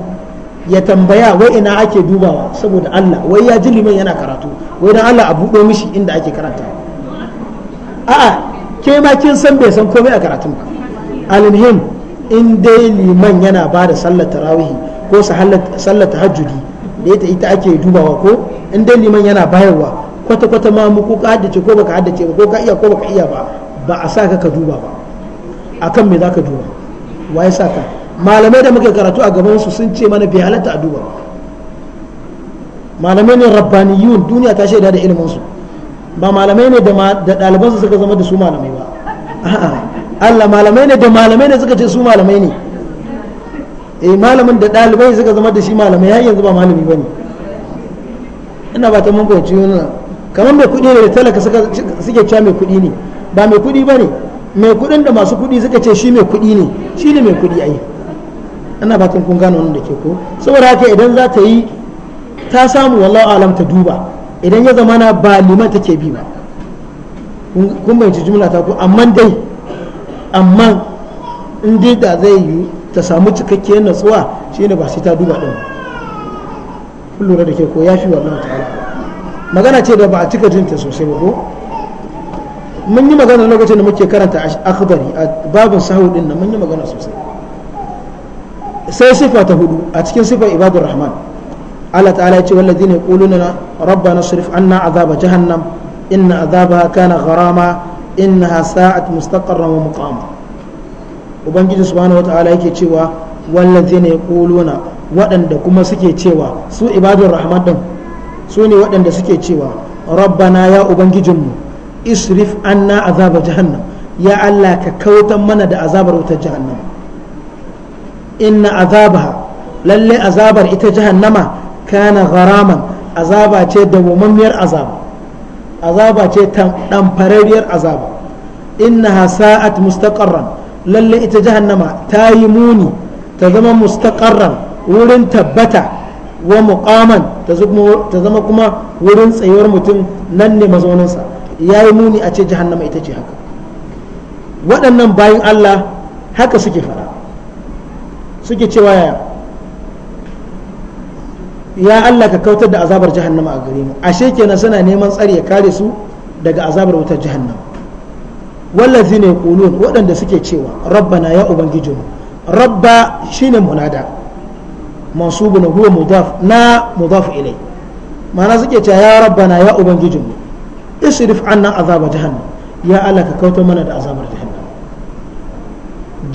ya tambaya wai ina ake dubawa saboda Allah wai ya ji liman yana karatu wai dan Allah a buɗo mishi inda ake karanta a'a ke ma kin san bai san komai a karatun ba alhim in dai liman yana ba da sallar tarawihi ko sallar hajjudi da ita ita ake dubawa ko in dai liman yana bayarwa kwata kwata ma mu ko ka haddace ko baka haddace ba ko ka iya ko baka iya ba ba a sa ka ka duba ba a kan me ka duba wa ya sa ka malamai da muke karatu a gaban su sun ce mana bai halatta a duba malamai ne rabbaniyun duniya ta shaida da ilimin su ba malamai ne da ɗalibansu suka zama da su malamai ba a'a Allah malamai ne da malamai ne suka ce su malamai ne eh malamin da ɗalibai suka zama da shi malamai har yanzu ba malami bane ina ba ta mun fahimci wannan kamar mai kuɗi ne da talaka suke cewa mai kuɗi ne ba mai kuɗi bane mai kuɗin da masu kuɗi suka ce shi mai kuɗi ne shi ne mai kuɗi ai ina ta kun gane wannan da ke ko saboda haka idan za ta yi ta samu wallahu alam ta duba idan ya zamana ba liman take bi ba kun bayanci jumla ta ku amma dai amma in dai da zai yi ta samu cikakkiyar natsuwa shine ba sai ta duba din kun lura da ke ko ya fi wannan ta'ala magana ce da ba a cika ta sosai ba ko mun yi magana lokacin da muke karanta akhbari a babin sahu din nan mun yi magana sosai sai sifa ta hudu a cikin sifar ibadur rahman Allah ta'ala ya ce walladina yaquluna rabbana sirif anna azaba jahannam inna azabaha kana gharama innaha sa'at mustaqarran wa muqama ubangiji subhanahu wataala yake cewa wallazina yaquluna waɗanda kuma suke cewa su ibadur rahman su ne waɗanda suke cewa rabbana ya mu, isrif anna azaba jahannam ya Allah ka kautan mana da azabar wutar jahannama inna azabaha lallai azabar ita jahannama kana gharaman azaba ce da mumammiyar azaba azaba ce fararriyar azaba ha sa'at mustaqarran lalle ita jahannama ta yi muni ta zama mustaqarran wurin tabbata wa muqaman ta zama kuma wurin tsayuwar mutum nan ne mazauninsa ya yi muni a ce jahannama ita ce haka waɗannan bayan Allah haka suke fara suke cewa yaya ya Allah ka kautar da azabar jahannama a gare mu ashe kenan suna neman tsari ya kare su daga azabar wutar jahannama wallazi ne kulun waɗanda suke cewa rabbana ya ubangiji mu rabba shine munada mansubun huwa mudaf na mudaf ilai ma'ana suke cewa ya rabbana ya ubangiji mu isrif anna azaba jahannam ya Allah ka kautar mana da azabar jahannama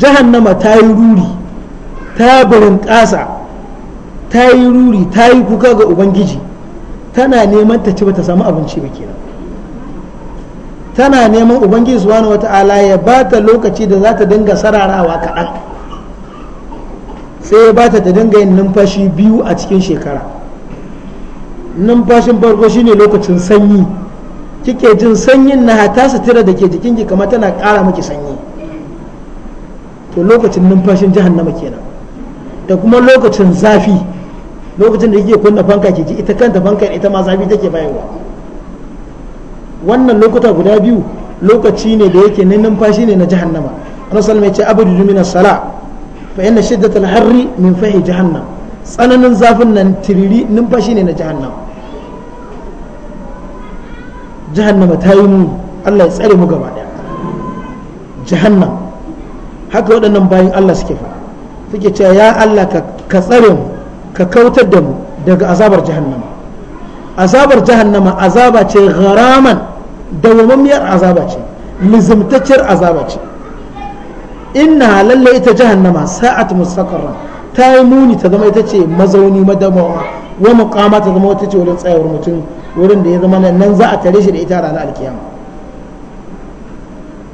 jahannama ta yi ruri ta burin ƙasa ta yi ruri ta yi kuka ga ubangiji tana neman ta ci bata samu abinci ba kenan tana neman ubangiji wata ala ya ba ta lokaci da za ta dinga sararawa kaɗan sai ya ba ta ta dinga yin numfashi biyu a cikin shekara numfashin farko shine lokacin sanyi kike jin sanyin na hata sutura da ke jikinki kamar tana ƙara miki sanyi to lokacin numfashin jahannama kenan da kuma lokacin zafi lokacin da yake kunna fanka ke ji ita kanta fankar ita ma zafi take bayarwa wannan lokuta guda biyu lokaci ne da yake na numfashi ne na jahannama annabi sallallahu alaihi wasallam ya ce min as-sala fa inna shiddat al-harri min fahi jahannam tsananin zafin nan tiriri numfashi ne na jahannama jahannama ta yi mu Allah ya tsare mu gaba daya jahannam haka waɗannan bayan Allah suke fa suke cewa ya Allah ka tsare mu ka kautar da mu daga azabar jahannama azabar jahannama azaba ce gharaman dawamammiyar azaba ce lizimtacciyar azaba ce inna lalle ita jahannama sa'at mustaqarra ta yi muni ta zama ita ce mazauni madamawa wa muqama ta zama wata ce wurin tsayawar mutum wurin da ya zama nan za a tare shi da ita ranar alkiyama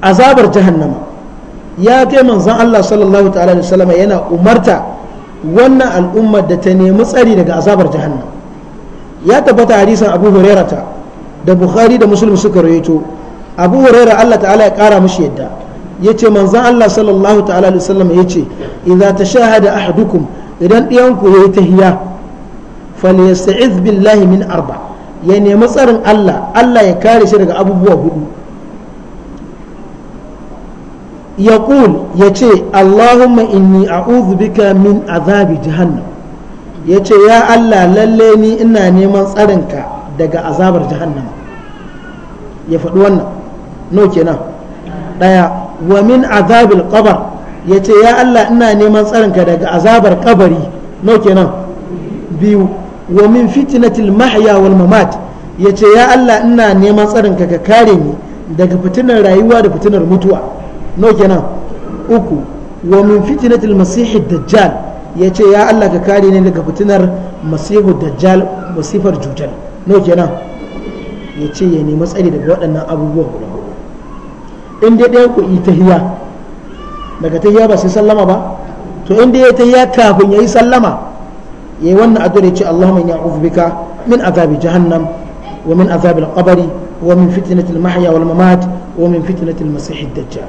azabar jahannama ya kai manzon Allah sallallahu ta'ala yana umarta wannan al'ummar da ta nemi tsari daga azabar jahannam ya tabbata hadisin abu hurairah ta da bukhari da muslim suka rawaito abu huraira Allah ta'ala ya kara mashi yadda ya ce manzan Allah sallallahu ta'ala alaihi wasallam yace idza tashahada ahadukum idan ɗiyanku yayi tahiyya falyasta'iz billahi min arba ya nemi tsarin Allah Allah ya kare shi daga abubuwa hudu yaqul yace allahumma inni a'udhu bika min azabi jahannam yace ya Allah lalle ni ina neman tsarinka daga azabar jahannama ya faɗi wannan no kenan ɗaya wa min azabil qabr yace ya Allah ina neman tsarinka daga azabar ƙabari no kenan biyu wa min fitnatil mahya wal mamat yace ya Allah ina neman tsarinka ka kare ni daga fitinar rayuwa da fitinar mutuwa no uku wa min fitnatil masih dajjal yace ya Allah ka kare ni daga fitinar masihu dajjal masifar jujal no yace ya nemi tsari daga waɗannan abubuwa guda in dai ɗaya ku yi daga tahiya ba sai sallama ba to in dai ya tahiyya kafin yayi sallama yayi wannan addu'a yace Allahumma inni a'udhu bika min azabi jahannam wa min azabil qabri wa min fitnatil mahya wal mamat wa min fitnatil masih dajjal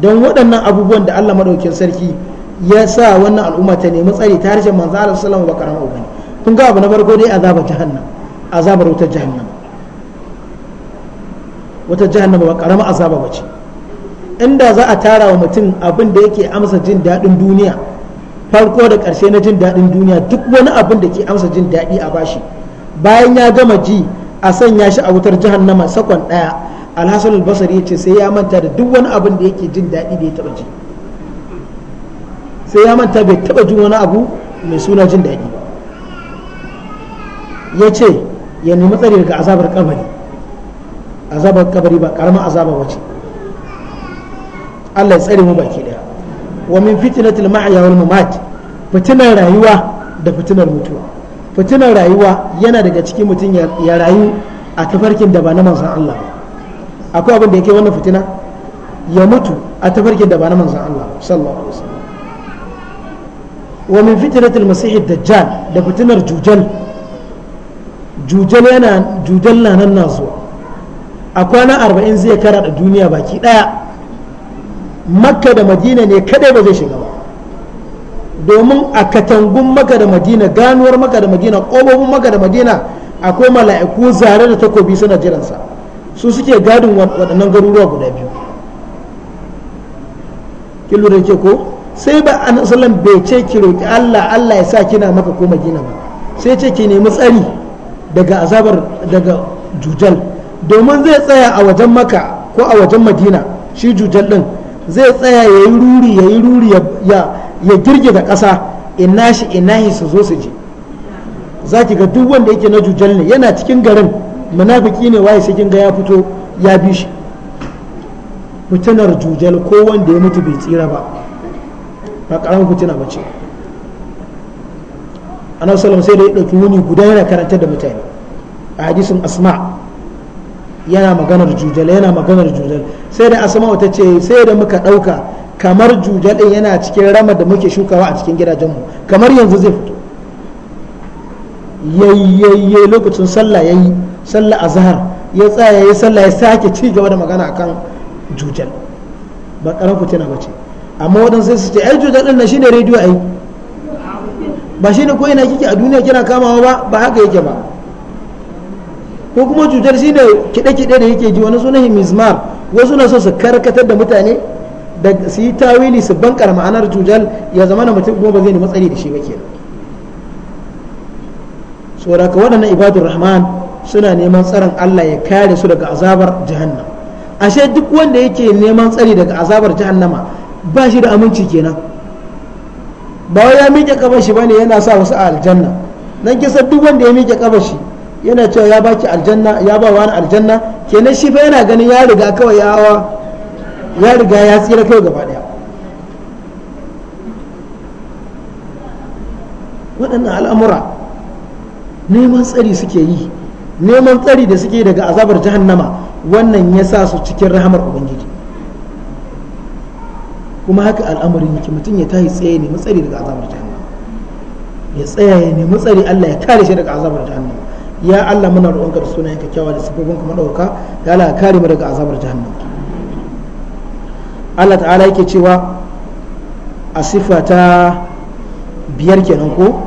don waɗannan abubuwan da Allah maɗaukin sarki ya sa wannan al'umma ta nemi tsari ta harshen manzo Allah sallallahu alaihi wasallam ba kun ga abu na farko dai azabar jahannam azabar wutar jahannam wata jihannan ba karama azaba ba ce inda za a tara wa mutum abin da yake amsa jin daɗin duniya farko da ƙarshe na jin daɗin duniya duk wani abin da ke amsa jin daɗi a bashi bayan ya gama ji a sanya shi a wutar jahannama sakon ɗaya alhassan albasari ya ce sai ya manta da duk wani abin da yake jin daɗi da ya taɓa ji sai ya manta bai taɓa jin wani abu mai suna jin daɗi ba ya ce ya nemi tsari daga azabar kabari azabar kabari ba karamar azabar wace Allah ya tsare mu baki ɗaya wa min fitnatil mahya wal mamat fitinar rayuwa da fitinar mutuwa fitinar rayuwa yana daga cikin mutum ya rayu a tafarkin da ba na manzon Allah ba akwai abin da yake wannan fitina ya mutu a tafarkin da ba na manzan Allah sallallahu alaihi wasallam wa min fitnatil masih dajjal da fitinar jujal jujal yana jujal na nan na zuwa a kwana 40 zai kara da duniya baki daya makka da madina ne kadai ba zai shiga ba domin a katangun maka da madina ganuwar maka da madina ƙobobin maka da madina akwai mala'iku zare da takobi suna jiransa su suke gadin waɗannan garuruwa guda biyu ki lura ke ko sai ba a sallam bai ce ki roƙi Allah Allah ya sa kina maka ko magina ba sai ce ki nemi tsari daga azabar daga jujal domin zai tsaya a wajen maka ko a wajen madina shi jujal ɗin zai tsaya ya yi ruri ya yi ruri ya girgiza ƙasa ina shi ina shi su zo su je za ki ga duk wanda yake na jujal ne yana cikin garin munafiki ne waye sai kinga ya fito ya bi shi fitinar jujal ko wanda ya mutu bai tsira ba ba karamin fitina ba ce annabi salam sai da ya ɗauki wuni guda yana karanta da mutane a hadisin asma yana maganar jujal yana maganar jujal sai da asma ta ce sai da muka ɗauka kamar jujal din yana cikin rama da muke shukawa a cikin gidajenmu kamar yanzu zai fito yayyayye lokacin sallah ya yi sallah a zahar ya tsaya ya sallah ya sake ci gaba da magana akan jujal ba karan fitina bace amma wadan sai su ce ai jujal din shi shine rediyo ai ba shine ko ina kike a duniya kina kamawa ba ba haka yake ba ko kuma jujal shine kide-kide da yake ji wani sunan mizmar wasu na so su karkatar da mutane da su yi tawili su bankar ma'anar jujal ya zama na mutum kuma ba zai nemi matsayi da shi ba kenan saboda waɗannan ibadur rahman suna neman tsaron Allah ya kare su daga azabar jahannam ashe duk wanda yake neman tsari daga azabar jahannama ba shi da aminci kenan ba ya miƙe kafar shi bane yana sa wasu a aljanna nan kisa duk wanda ya miƙe kafar shi yana cewa ya baki aljanna ya ba wani aljanna kenan shi fa yana ganin ya riga kawai ya ya riga ya tsira kawai gaba daya waɗannan al'amura neman tsari suke yi neman tsari da suke daga azabar jahannama wannan ya sa su cikin rahamar ubangiji kuma haka al'amarin yake mutum ya tashi tsaye ne matsari daga azabar jahannama ya tsaya ya nemi tsari Allah ya kare shi daga azabar jahannama ya Allah muna roƙonka da sunayen kyawa da sifofin kuma ɗauka ya Allah kare mu daga azabar jahannama Allah ta'ala yake cewa a sifa ta biyar kenan ko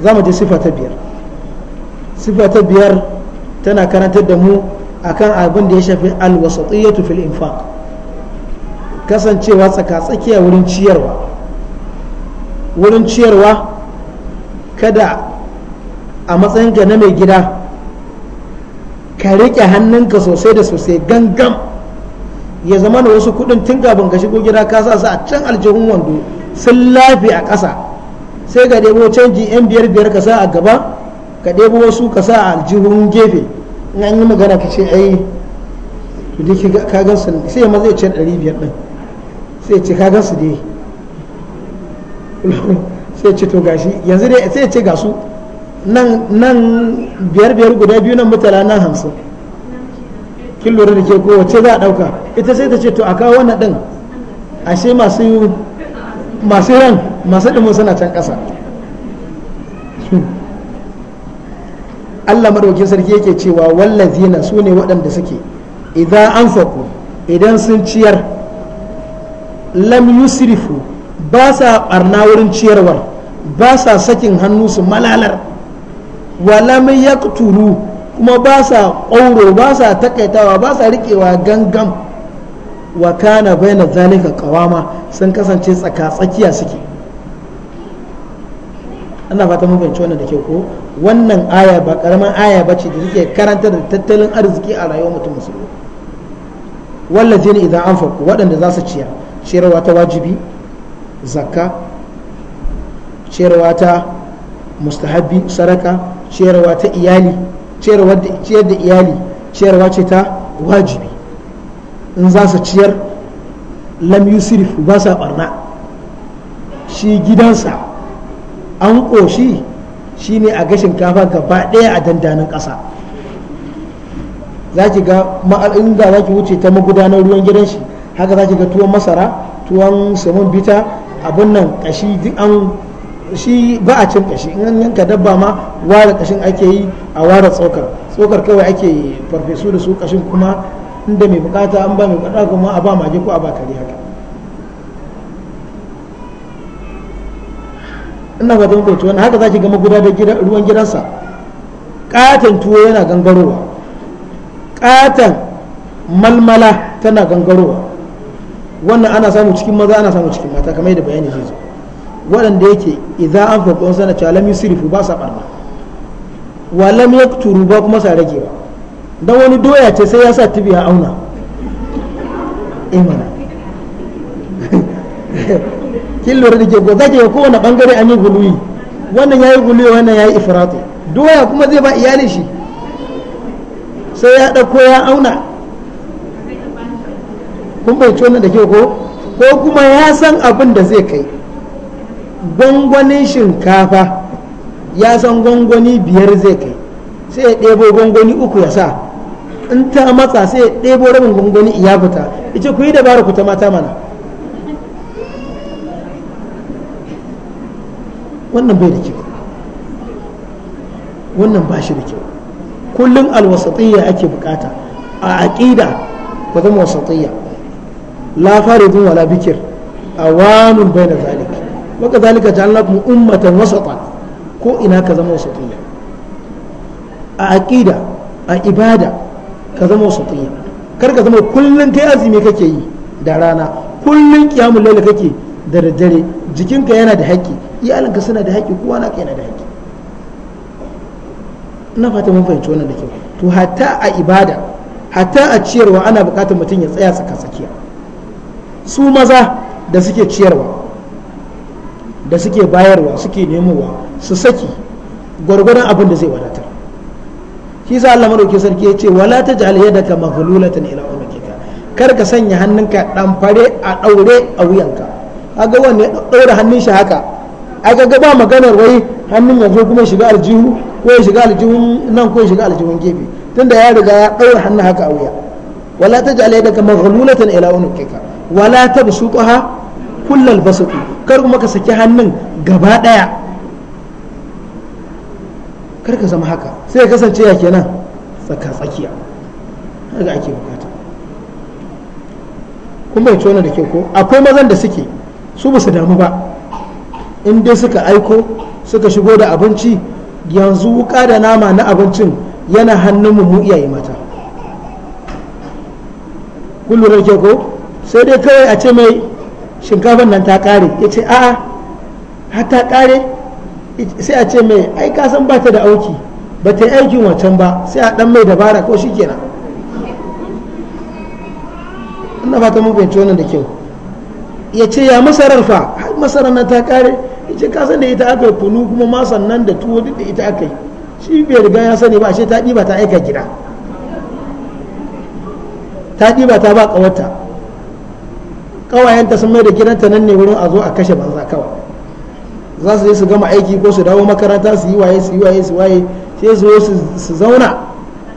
za mu je sifa ta biyar sifa ta biyar tana karantar da mu akan abin da ya shafi alwasatiyatu fil infaq kasancewa tsakatsakiya wurin ciyarwa wurin ciyarwa kada a matsayin matsayinka na mai gida ka riƙe hannunka sosai da sosai gangan ya zama da wasu kudin tun kafin ka shigo gida ka sa su a can aljihun wando sun lafi a ƙasa sai ga debo canji yan biyar biyar ka sa a gaba ka ɗebo wasu ka sa aljihun gefe in an yi magana ka ce ai to dai ka gan su sai ma zai ce ɗari biyar ɗin sai ce ka gan su dai sai ce to gashi yanzu dai sai ce gasu nan biyar biyar guda biyu nan mutala nan hamsin kin lura da ke kowace za a ɗauka ita sai ta ce to a kawo wannan ɗin ashe masu masu ran masu ɗin suna can ƙasa Allah madaukin sarki yake cewa wallazina su ne waɗanda suke idan anfaqu idan sun ciyar lam yusrifu ba sa barna wurin ciyarwar ba sa sakin hannu su malalar wa yaqtulu kuma ba sa ƙauro ba sa takaitawa ba sa riƙewa gangan wa kana baina zalika qawama sun kasance tsaka tsakiya suke ana fata mun fahimci wannan da kyau ko wannan aya ba karaman aya ba ce da suke karanta da tattalin arziki a rayuwar mutum musulmi wallazi ne idan an farko waɗanda za su ciya ciyarwa ta wajibi zakka ciyarwa ta mustahabi saraka ciyarwa ta iyali ciyar da iyali ciyarwa ce ta wajibi in za su ciyar lam yusrif ba sa barna shi gidansa an ƙoshi shine a ga shinkafa gaba ɗaya a dandanin ƙasa za ki ga inda za ki wuce ta magudanar ruwan gidan shi haka za ki ga tuwon masara tuwon saman bita abin nan kashi duk an shi ba a cin kashi in an yanka dabba ma ware kashin ake yi a ware tsokar tsokar kawai ake farfesu da su kashin kuma inda mai bukata an ba mai bukata kuma a ba mage ko a ba kare haka ina ga don wani haka za ki gama da ruwan gidansa katon tuwo yana gangarowa katon malmala tana gangarowa wannan ana samu cikin maza ana samu cikin mata kamar yadda bayani zai zo waɗanda yake idza an faɗo sana cewa lam yusrifu ba sa barna wa lam yakturu ba kuma sa rage ba dan wani doya ce sai ya sa tibi ya auna imana eh kin lura da jego zaki ga kowane bangare an yi guluyi wannan yayi guluyi wannan yayi ifiratu doya kuma zai ba iyalin shi sai ya dauko ya auna kun bai wannan da ke ko ko kuma ya san abin da zai kai gwangwanin shinkafa ya san gwangwani biyar zai kai sai ya ɗebo gwangwani uku ya sa in ta matsa sai ya ɗebo rabin gwangwani ya fita ita ku yi dabara ku ta mata mana wannan bai da kyau wannan ba shi da kyau kullum alwasatiyya ake bukata a aqida ba zama wasatiyya la faridun wala bikir awanun bayna zalik wa kadhalika ja'alnakum ummatan wasatan ko ina ka zama wasatiyya a aqida a ibada ka zama wasatiyya kar ka zama kullum kai azumi kake yi da rana kullum kiyamul layl kake da daddare jikinka yana da haƙƙi iyalinka suna da haƙƙi kowa na yana da haƙƙi ina fata mun fahimci wannan da kyau to hatta a ibada hatta a ciyarwa ana buƙatar mutum ya tsaya tsaka tsakiya su maza da suke ciyarwa da suke bayarwa suke nemowa su saki gwargwadon abin da zai wadatar shi sa Allah madauki sarki ya ce wala taj'al yadaka maghlulatan ila unuqika kar ka sanya hannunka dan fare a daure a wuyanka kaga wanne daura hannun shi haka aka ga ba maganar wai hannun yanzu kuma shiga aljihu ko ya shiga aljihun nan ko ya shiga aljihun gefe tunda ya riga ya ɗaura hannun haka a wuya wala ta jale daga maghlulatan ila unuqika wala tabsuqaha kullal ku kar kuma ka saki hannun gaba daya kar ka zama haka sai ya kasance ya kenan tsaka tsakiya haka ake bukata kun bai tona da ke ko akwai mazan da suke su ba su damu ba in dai suka aiko suka shigo da abinci yanzu wuka da nama na abincin yana hannun mu iyaye mata kullum da ke ko sai dai kawai a ce mai shinkafin nan ta kare ya ce a'a har ta kare sai a ce mai ai kasan ba ta da auki ba ta yi aikin wancan ba sai a dan mai dabara ko shi kenan ina fata mun fahimci wannan da kyau ya ce ya masarar fa masarar nan ta kare ce ka san da ita aka kunu kuma ma sannan da tuwo duk da ita aka yi shi bai riga ya sani ba ashe ta ɗiba ta aika gida ta ɗiba ta ba ƙawarta ƙawayenta sun mai da gidanta nan ne wurin a zo a kashe banza kawai za su je su gama aiki ko su dawo makaranta su yi waye su yi waye su waye sai su zo su zauna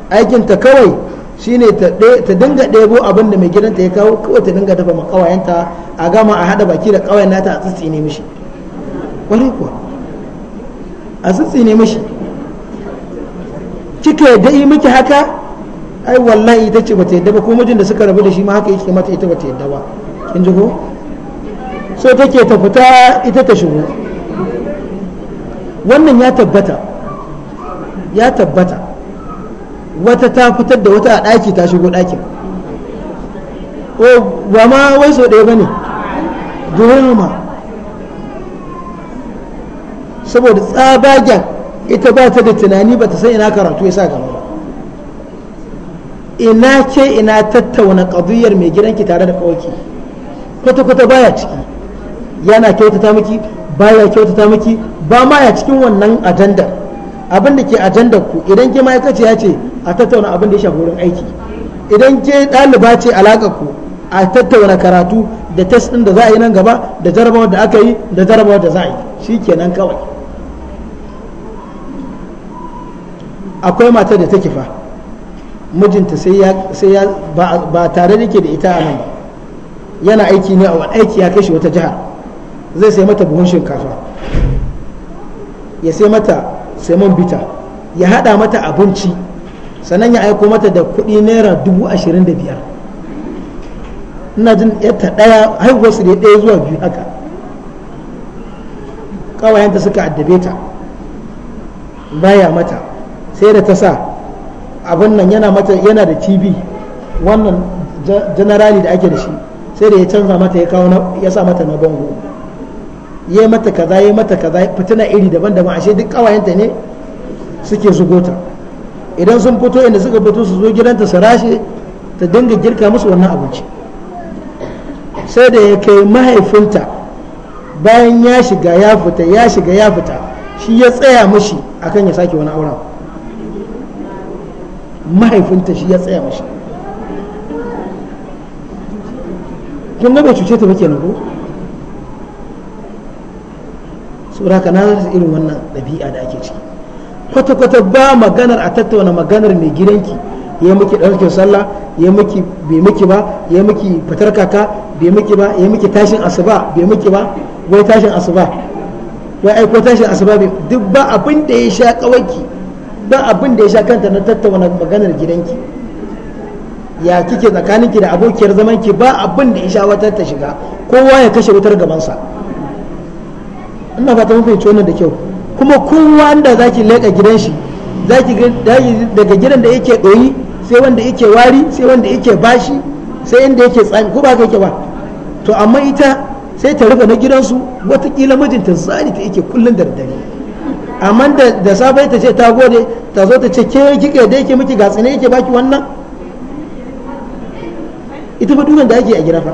aikinta kawai shine ta dinga ɗebo abin da mai gidanta ya kawo kawai ta dinga dafa ma ƙawayenta a gama a haɗa baki da ƙawayen nata a tsitsi ne mishi ƙwarai kuwa a tsitsi ne mashi kika yadda yi miki haka ai wallahi ita ce bata yadda ba ko mijin da suka rabu da shi ma haka yake mata ita bata yadda ba kin ji ko so take ta fita ita ta shigo wannan ya tabbata ya tabbata wata ta fitar da wata a ɗaki ta shigo ɗakin ko oh, ba ma wai so ɗaya ba ne ma saboda tsabagen ita ba ta da tunani ba ta san ina karatu ya sa gaba ba ina ce ina tattauna ƙaduyar mai gidanki tare da kawaki kwata-kwata baya ciki yana kyautata miki baya kyautata miki ba ma ya cikin wannan ajanda abin da ke ajandar ku idan ke ma'aikaci ya ce a tattauna abin da ya shafi wurin aiki idan ke ɗaliba ce alaƙa ku a tattauna karatu da test ɗin da za a yi nan gaba da jarabawar da aka yi da jarabawar da za a yi shi kenan kawai akwai matar da take fa mijinta sai ya ba tare da ke da ita a nan yana aiki ne a aiki ya kai shi wata jihar zai sai mata buhun shinkafa ya sai mata man bita ya hada mata abinci sannan ya aiko mata da kudi naira dubu ashirin da biyar ina jin yadda ɗaya haihuwar da ɗaya zuwa biyu haka kawayenta suka addabe ta baya mata sai da ta sa abin nan yana mata yana da tv wannan generali da ake da shi sai da ya canza mata ya kawo ya sa mata na bango ya yi mata kaza ya yi mata kaza fitina iri daban-daban ashe duk kawayenta ne suke zugota idan sun fito inda suka fito su zo gidanta su rashe ta dinga girka musu wannan abinci sai da ya kai mahaifinta bayan ya shiga ya fita ya shiga ya fita shi ya tsaya mashi akan ya sake wani auren mahaifinta shi ya tsaya mashi kun ga bai cuce ta ba kenan ko saboda ka nazar irin wannan ɗabi'a da ake ciki kwata-kwata ba maganar a tattauna maganar mai gidanki ya muke ɗaukin sallah ya muke bai muke ba ya muke fitar kaka bai muke ba ya muke tashin asuba bai muke ba wai tashin asuba wai aiko tashin asuba bai duk ba abin da ya sha kawaki don abin da ya sha kanta na tattauna maganar gidanki ya kike tsakaninki da abokiyar zamanki ba abin da ya sha wata ta shiga kowa ya kashe wutar gabansa ina fata mun fahimci wannan da kyau kuma kowa da zaki leƙa gidan shi zaki daga gidan da yake ɗoyi sai wanda yake wari sai wanda yake bashi sai inda yake tsami ko ba ka yake ba to amma ita sai ta rufe na gidansu watakila mijinta zani ta yake kullum da daddare amma da safe ta ce ta gode ta zo ta ce ke kike da yake miki gatsi ne yake baki wannan ita fa dukan da ake a gida fa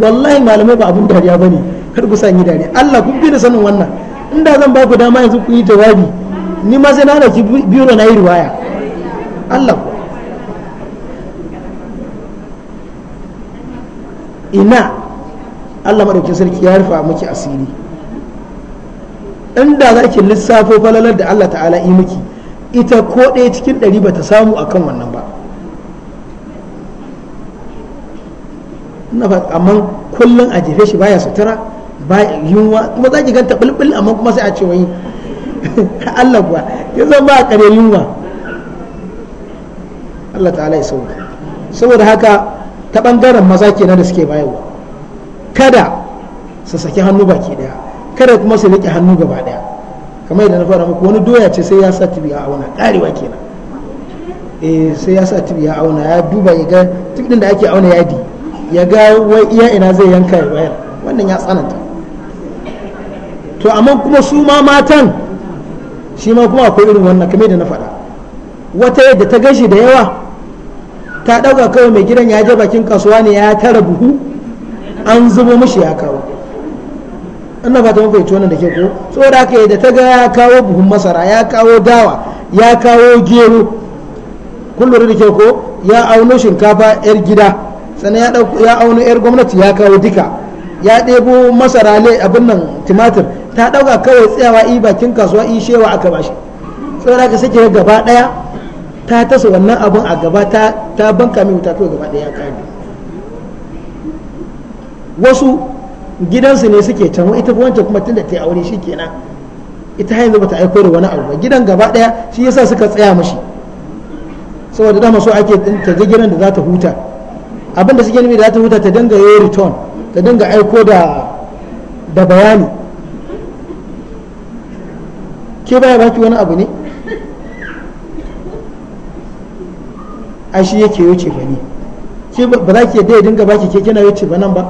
wallahi malamai ba abun dariya bane kar ku san yi dariya Allah kun bi da sanin wannan inda zan ba ku dama yanzu ku yi jawabi ni ma sai na da ki biro na yi riwaya Allah ina Allah madaukakin sarki ya rufa miki asiri inda za ki lissafo falalar da Allah ta'ala yi miki ita ko ɗaya cikin ɗari ba ta samu a kan wannan ba amma kullum a jefe shi baya sutura ba yunwa kuma za ki ganta bulbul amma kuma sai a ce wani Allah kuwa ya zan ba a kare yunwa Allah ta'ala ya sauka saboda haka ta bangaren maza ke kenan da suke bayarwa kada su saki hannu baki ɗaya kada kuma su riƙe hannu gaba daya kamar yadda na fara muku wani doya ce sai ya sa tibi a auna karewa kenan eh sai ya sa tibi a auna ya duba ya ga tibin da ake auna yadi ya ga wai iya ina zai yanka ya bayar wannan ya tsananta to amma kuma su ma matan shi ma kuma akwai irin wannan kamar yadda na faɗa wata yadda ta gashi da yawa ta ɗauka kawai mai gidan ya je bakin kasuwa ne ya tara buhu an zubo mishi ya kawo ina ba ta mafi tonin da ke ko saboda yi da ta ga ya kawo buhun masara ya kawo dawa ya kawo gero kullum da ke ko ya auno shinkafa yar gida sannan ya auno yar gwamnati ya kawo duka ya ɗebo masara ne abin nan tumatir ta ɗauka kawai tsayawa i bakin kasuwa i shewa aka bashi da aka sake gaba ɗaya ta tasa wannan abin a gaba ta banka mai wuta kawai gaba ɗaya ya kawo wasu gidansu ne suke can ita wancan kuma tunda ta yi aure shi kenan ita yanzu bata aiko da wani abu ba gidan gaba daya shi yasa suka tsaya mashi saboda dama so ake ta je gidan da za ta huta abin da suke nufi da za ta huta ta dinga yi return ta dinga aiko da da bayani ke baya baki wani abu ne ai shi yake yau ce ba ne ke ba za ki yadda ya dinga baki ke kina yau ce ba nan ba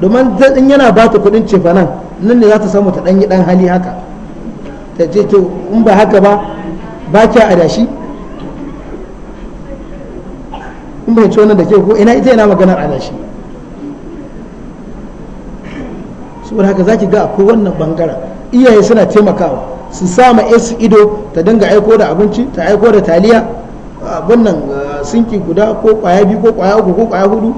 domin in yana ba ta kudin cefanan nan ne za ta samu ta dan yi dan hali haka ta ce to in ba haka ba ba kya dashi in ba ce wannan da ke ko ina ita yana maganar adashi saboda haka zaki ga akwai wannan bangaren iyaye suna taimakawa su sama su ido ta dinga aiko da abinci ta aiko da taliya abin nan eh, sinki guda ko kwaya biyu ko kwaya uku ko kwaya hudu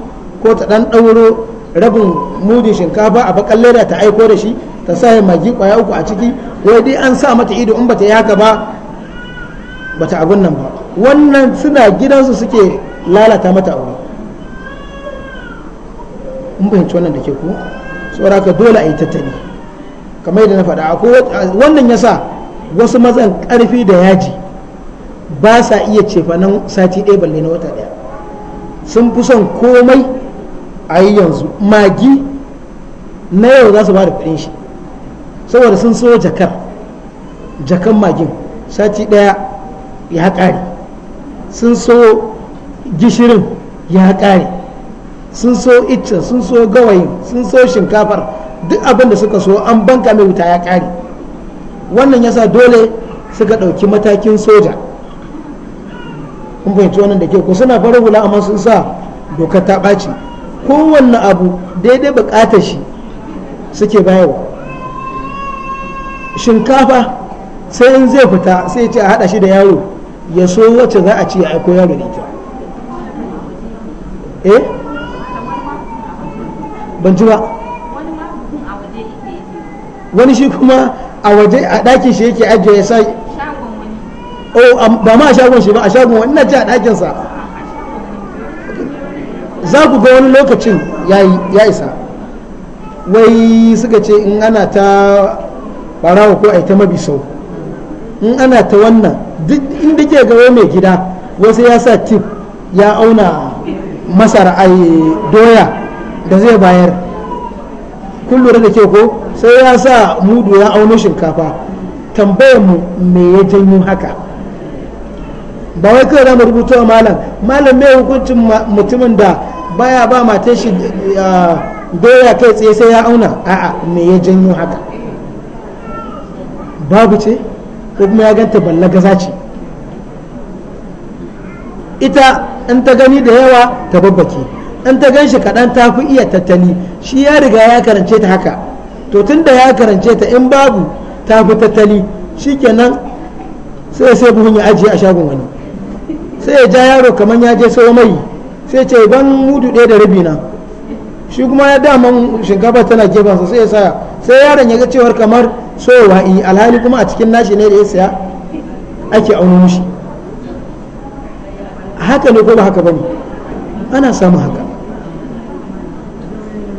ko ta dan ɗauro rabin mudin shinkafa a bakan leda ta aiko da shi ta sa magi kwaya uku a ciki wai dai an sa mata ido in bata yi haka ba bata abun nan ba wannan suna gidansu suke lalata mata aure in fahimci wannan da ke ku tsoraka dole a yi tattali kamar yadda na faɗa wannan ya sa wasu matsan ƙarfi da yaji ba sa iya cefanan sati ɗaya balle na wata ɗaya sun fi son komai a yi yanzu magi na yau za su ba da kudin shi saboda sun so jakar jakan magin sati ɗaya ya kare sun so gishirin ya kare sun so iccen sun so gawayin sun so shinkafar duk abin da suka so an banka mai wuta ya ƙare wannan yasa dole suka ɗauki matakin soja kun fahimci wannan da ke ko suna farar hula amma sun sa dokar ta ɓaci kowanne abu daidai bukatar shi suke bayarwa shinkafa sai in zai fita sai ce a hada shi da yaro ya so wacce za a ci ya aiko yaro da ita eh ban ji ba wani shi kuma a waje a ɗakin shi yake ajiye ya sa oh, ba ma a shagon shi ba a shagon wani na ci a ɗakinsa za ku ga wani lokacin ya isa wai suka ce in ana ta barawa ko ai ta mabi sau? in ana ta wannan duk inda ke gawo mai gida wasu ya sa tip ya auna masara a doya da zai bayar kun da ke ko sai ya sa mudu ya auna shinkafa tambayar mu me ya janyo haka ba wai kawai za mu rubuta malam malam mai hukuncin mutumin da baya ba matar shi doya kai tsaye sai ya auna a'a me ya janyo haka babu ce ko kuma ya ganta balla gaza ce ita in ta gani da yawa ta babbake in ta gan shi kaɗan ta fi iya tattali shi ya riga ya karance ta haka to tun da ya karance ta in babu ta fi tattali kenan sai sai buhun ya ajiye a shagon wani sai ya ja yaro kamar ya je sayo mai sai ce ban mudu ɗaya da rabi na shi kuma ya daman shinkafa tana su sai ya saya sai yaron ya ga cewar kamar sowa in alhali kuma a cikin nashi ne da ya saya ake auno mushi haka ne ko ba haka bane ana samun haka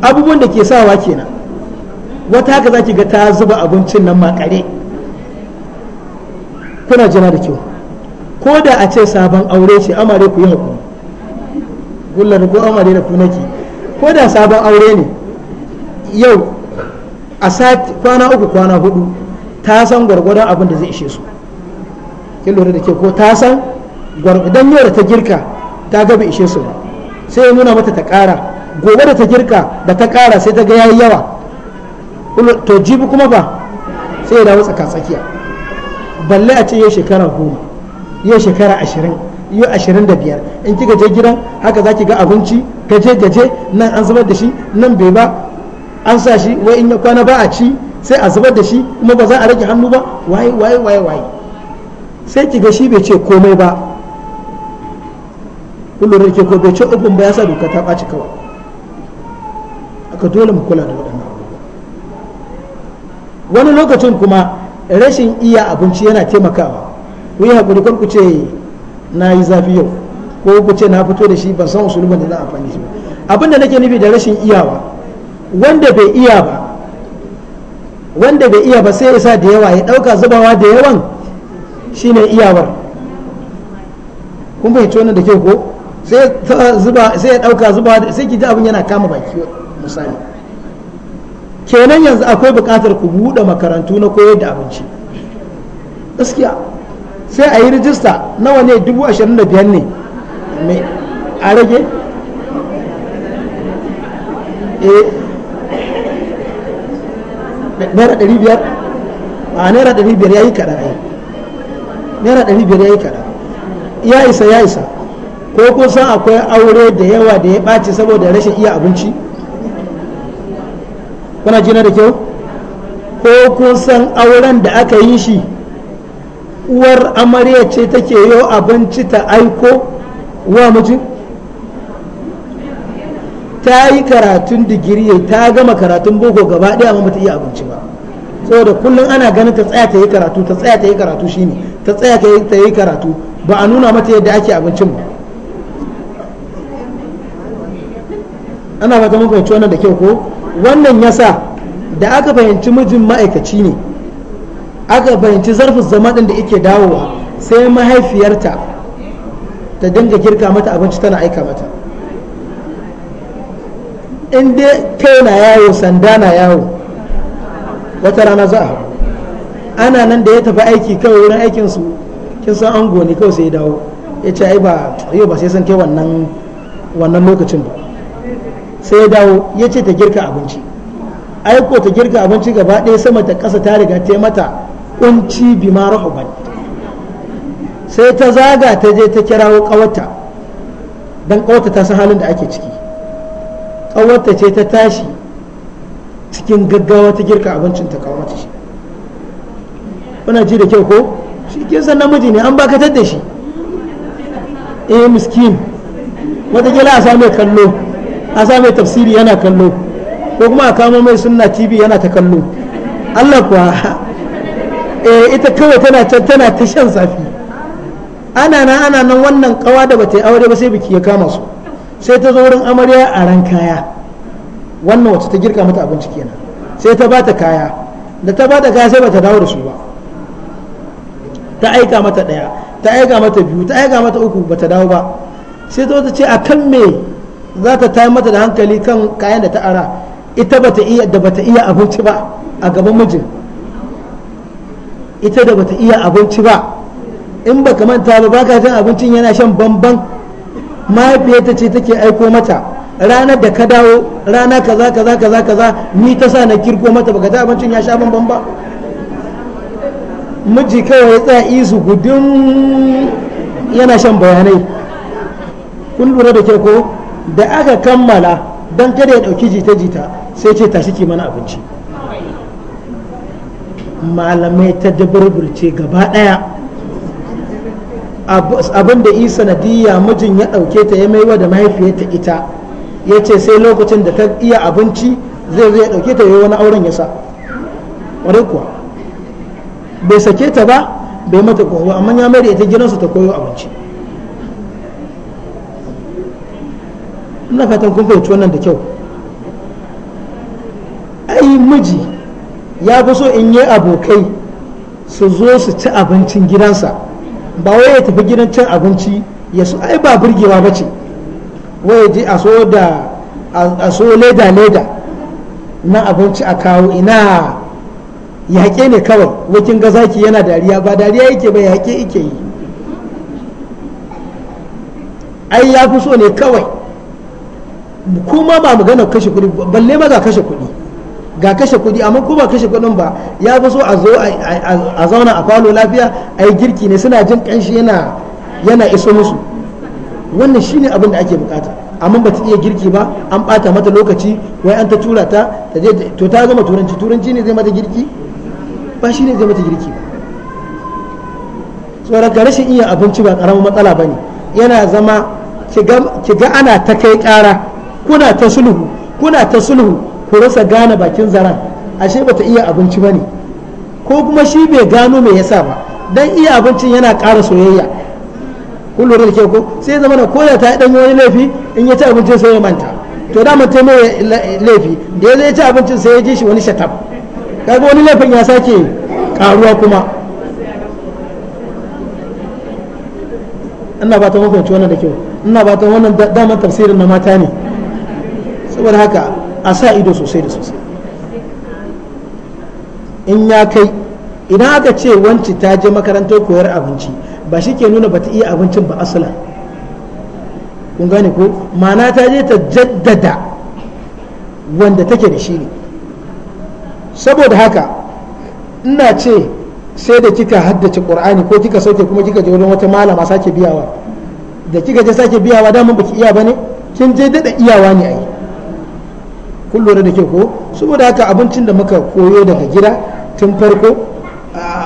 abubuwan da ke sawa kenan wata haka za ki ga ta zuba abincin nan makare kuna jina da kyau ko da a ce sabon aure ce amare ku yi hakuri gullar ko amare da tunaki ko da sabon aure ne yau a sati kwana uku kwana hudu ta san gwargwadon abin da zai ishe su kin lura da ke ko ta san gwargwadon yau da ta girka ta gaba ishe su ba sai ya nuna mata ta kara gobe da ta girka da ta kara sai ta ga yayi yawa to jibi kuma ba sai ya dawo tsaka tsakiya balle a ce yau shekara goma yau shekara ashirin yi ashirin da biyar in kika je gidan haka za ki ga abinci gaje gaje nan an zubar da shi nan bai ba an sa shi wai in ya kwana ba a ci sai a zubar da shi kuma ba za a rage hannu ba waye waye waye waye sai ki ga shi bai ce komai ba kullum rike ko bai ce ubin ba ya sa doka ta ɓaci kawai aka dole mu kula da waɗannan wani lokacin kuma rashin iya abinci yana taimakawa ku yi haƙuri kan ku ce na yi zafi yau ko ku ce na fito da shi ban san usulubin da za a amfani shi abinda nake nufi da rashin iyawa wanda bai iya ba wanda bai iya ba sai ya sa da yawa ya dauka zubawa da yawan shine iyawar kun fahimci wannan da kyau ko sai zuba sai ya dauka zubawa sai ki ji abin yana kama baki misali kenan yanzu akwai bukatar ku buɗe makarantu na koyar da abinci gaskiya sai a yi rijista nawa ne dubu ashirin da biyar ne a rage eh. naira ɗari biyar a naira ɗari biyar ya yi kaɗan ai naira ɗari ya yi kada ya isa ya isa ko kusan akwai aure da yawa da ya ɓaci saboda rashin iya abinci kuna jina da kyau ko kun san auren da aka yi shi uwar amarya ce take yo abinci ta aiko wa mijin ta yi karatun digiri ta gama karatun boko gaba ɗaya ma bata iya abinci ba saboda kullum ana ganin ta tsaya ta yi karatu ta tsaya ta yi karatu shine ta tsaya ta yi karatu ba a nuna mata yadda ake abincin ba ana fata mun fahimci wannan da kyau ko wannan yasa da aka fahimci mijin ma'aikaci ne aka bayanci zarfin zama ɗin da yake dawowa sai mahaifiyarta ta dinga girka mata abinci tana aika mata in dai kai na yawo sanda na yawo wata rana za a ana nan da ya tafi aiki kawai wurin aikinsu kin san an goni kawai sai ya dawo ya ce ai ba yau ba sai san kai wannan wannan lokacin ba sai ya dawo ya ce ta girka abinci aiko ta girka abinci gaba ɗaya sama ta ƙasa ta riga ta mata kunci ma rahuban sai ta zaga ta je ta kirawo ƙawarta don ƙawarta ta san halin da ake ciki ƙawarta ce ta tashi cikin gaggawa ta girka abincin ta kawo mata shi kuna ji da kyau ko shi ke san namiji ne an bakatar da shi eh miskin watakila a same kallo a same tafsiri yana kallo ko kuma a kama mai sunna tv yana ta kallo allah kuwa Eh, ita kawai tana can tana ta shan safi ana nan ana nan wannan kawa da bata yi aure ba sai biki ya kama su sai ta zo wurin amarya a ran kaya wannan wacce ta girka mata abinci kenan sai ta bata kaya da ta bata kaya sai bata dawo da su ba ta aika mata daya ta aika mata biyu ta aika mata uku bata dawo ba sai ta wata ce a kan me za ta tayi mata da hankali kan kayan da ta ara ita bata iya da bata iya abinci ba a gaban mijin ita da bata iya abinci ba in baka manta ba baka jin abincin yana shan bamban mahaifiyarta ce take aiko mata ranar da ka dawo rana kaza kaza kaza kaza ni ta sa na kirgo mata baka ta abincin ya sha bamban ba miji kawai ya tsaya isu gudun yana shan bayanai kun lura da ke ko da aka kammala don kada ya ɗauki jita-jita sai ce tashi ki mana abinci malamai ta dabarbarce gaba ɗaya abin da isa nadiya mijin ya ɗauke ta ya maiwa da mahaifiyarta ita ya ce sai lokacin da ta iya abinci zai zai ya ta ya wani auren ya sa ƙwarai kuwa bai sake ta ba bai mata kowa amma ya mai da ita gidansu ta koyo abinci ina fatan kun fahimci wannan da kyau ai miji ya fi so in yi abokai su zo su ci abincin gidansa ba wai ya tafi gidan cin abinci ya su ai ba burgewa ba ce wai ji a so da a so leda leda na abinci a kawo ina yaƙe ne kawai wakin ga zaki yana dariya ba dariya yake ba yaƙe yake yi ai ya fi so ne kawai kuma ba magana kashe kuɗi balle ma ga kashe kuɗi ga kashe kuɗi amma ko ba kashe kuɗin ba ya fi so a zauna a falo lafiya a yi girki ne suna jin ƙanshi yana yana iso musu wannan ne abin da ake bukata amma ba ta iya girki ba an ɓata mata lokaci wai an ta tura ta ta je to ta gama turanci turanci ne zai mata girki ba shi ne zai mata girki ba tsoron ka rashin iya abinci ba karamin matsala ba ne yana zama ki ga ana ta kai ƙara kuna ta sulhu kuna ta sulhu ko rasa gane bakin zaran ashe bata iya abinci ba ne ko kuma shi bai gano me yasa ba dan iya abincin yana ƙara soyayya kun lura da ke ko sai zama na koya ta dan wani laifi in ya ci abincin sai ya manta to da mutum mai laifi da ya zai ci abincin sai ya ji shi wani shatab kaga wani laifin ya sake karuwa kuma ina ba ta mafi wannan da kyau ina ba ta wannan damar tafsirin na mata ne saboda haka a sa ido sosai da sosai in ya kai idan aka ce wanci ta je makarantar koyar abinci ba shi ke nuna bata iya abincin ba asala kun gane ko mana ta je ta jaddada wanda take da shi ne saboda haka ina ce sai da kika haddace qur'ani ko kika sauke kuma kika je wurin wata malama sake biyawa da kika je sake biyawa daman baki iya bane kin je dada iyawa ne ai kun da ke ko saboda haka abincin da muka koyo daga gida tun farko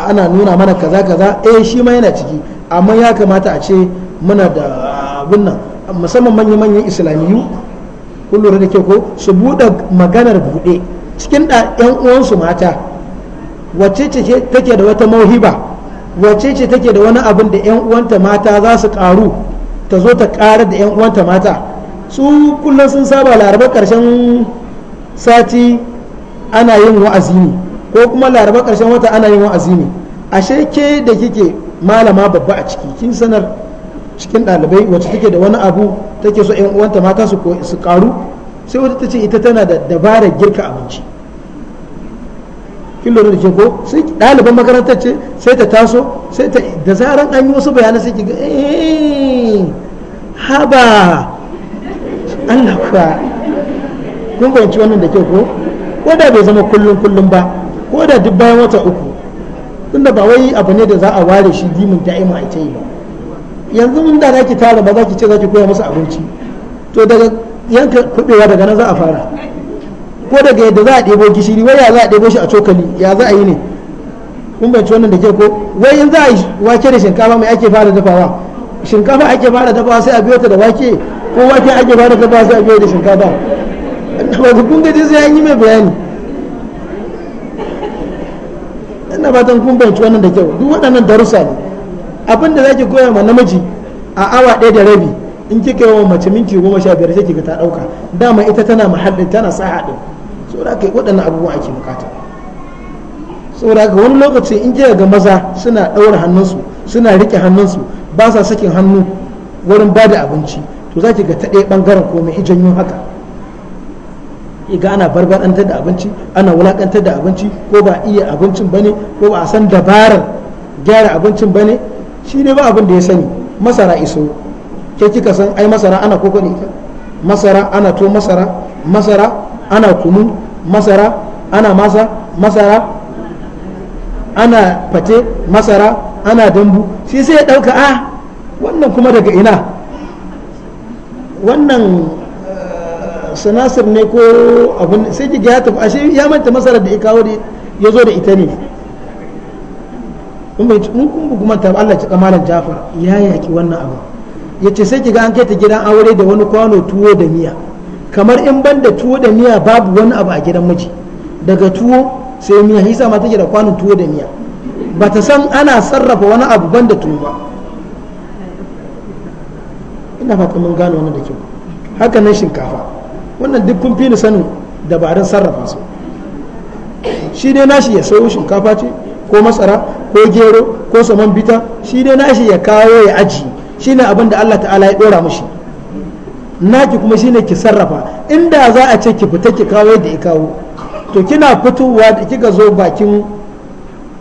ana nuna mana kaza kaza eh shi ma yana ciki amma ya kamata a ce muna da abin nan musamman manya manyan islamiyu kun da ke ko su buɗe maganar buɗe cikin ɗan uwansu mata wacce ce take da wata mauhiba wacce ce take da wani abin da yan uwanta mata za su ƙaru ta zo ta ƙara da yan uwanta mata su kullum sun saba larabar ƙarshen sati ana yin wa'azi ne ko kuma laraba ƙarshen wata ana yin wa'azi ne ashe ke da kike malama babba a ciki kin sanar cikin ɗalibai wacce take da wani abu take so ƴan uwanta mata su su karu sai wata ta ce ita tana da dabarar girka abinci kin lura da ke ko sai ɗaliban makarantar ce sai ta taso sai ta da zaran an yi wasu bayanan sai ki ga eh haba Allah ku kun fahimci wannan da kyau ko ko da bai zama kullum kullum ba ko da duk bayan wata uku tunda ba wai abu ne da za a ware shi dimin ta a yi ba yanzu mun da zaki tara ba zaki ce zaki koya musu abinci to daga yanka kubewa daga nan za a fara ko daga yadda za a ɗebo gishiri wai ya za a ɗebo shi a cokali ya za a yi ne kun bai wannan da ke ko wai in za a yi wake da shinkafa mai ake fara dafawa shinkafa ake fara dafawa sai a biyo ta da wake ko wake ake fara dafawa sai a biyo da shinkafa ba ku kun gaji sai an yi mai bayani ina fatan kun bayanci wannan da kyau duk waɗannan darussa ne abin da zaki koya ma namiji a awa ɗaya da rabi in kai yawan mace minti goma sha biyar sai ta ɗauka dama ita tana mahallin tana sa'a ɗin saboda kai waɗannan abubuwa ake bukata saboda haka wani lokaci in kika ga maza suna ɗaura hannunsu suna riƙe hannunsu ba sa sakin hannu wurin ba da abinci to zaki ki ga ta ɗaya ɓangaren komai yin haka iga ana barbarantar da abinci ana wulakantar da abinci ko ba iya abincin bane ko ba a san dabarar gyara abincin bane shi ne ba abin da ya sani masara iso ke kika san ai masara ana koko ne ita masara ana to masara masara ana kunu masara ana masa masara ana fate masara ana dambu sai sai ya dauka a ah, wannan kuma daga ina wannan sanasir ne ko abin sai ki ya tafi ashe ya manta masara da ya kawo da ya zo da ita ne in kun kuma ta Allah ci kamalan Jafar ya yaki wannan abu ya ce sai kiga an kai ta gidan aure da wani kwano tuwo da miya kamar in ban da tuwo da miya babu wani abu a gidan miji daga tuwo sai miya hisa ma take da kwanon tuwo da miya ba ta san ana sarrafa wani abu ban da tuwo ba ina fata mun gano wannan da kyau haka nan shinkafa wannan duk kun fi ni sanin dabarun sarrafa su shi dai nashi ya sayo shinkafa ce ko masara ko gero ko saman bita shi dai nashi ya kawo ya aji shi ne abin da Allah ta'ala ya dora mushi naki kuma shine ki sarrafa inda za a ce ki fita ki kawo yadda ya kawo to kina fitowa da kika zo bakin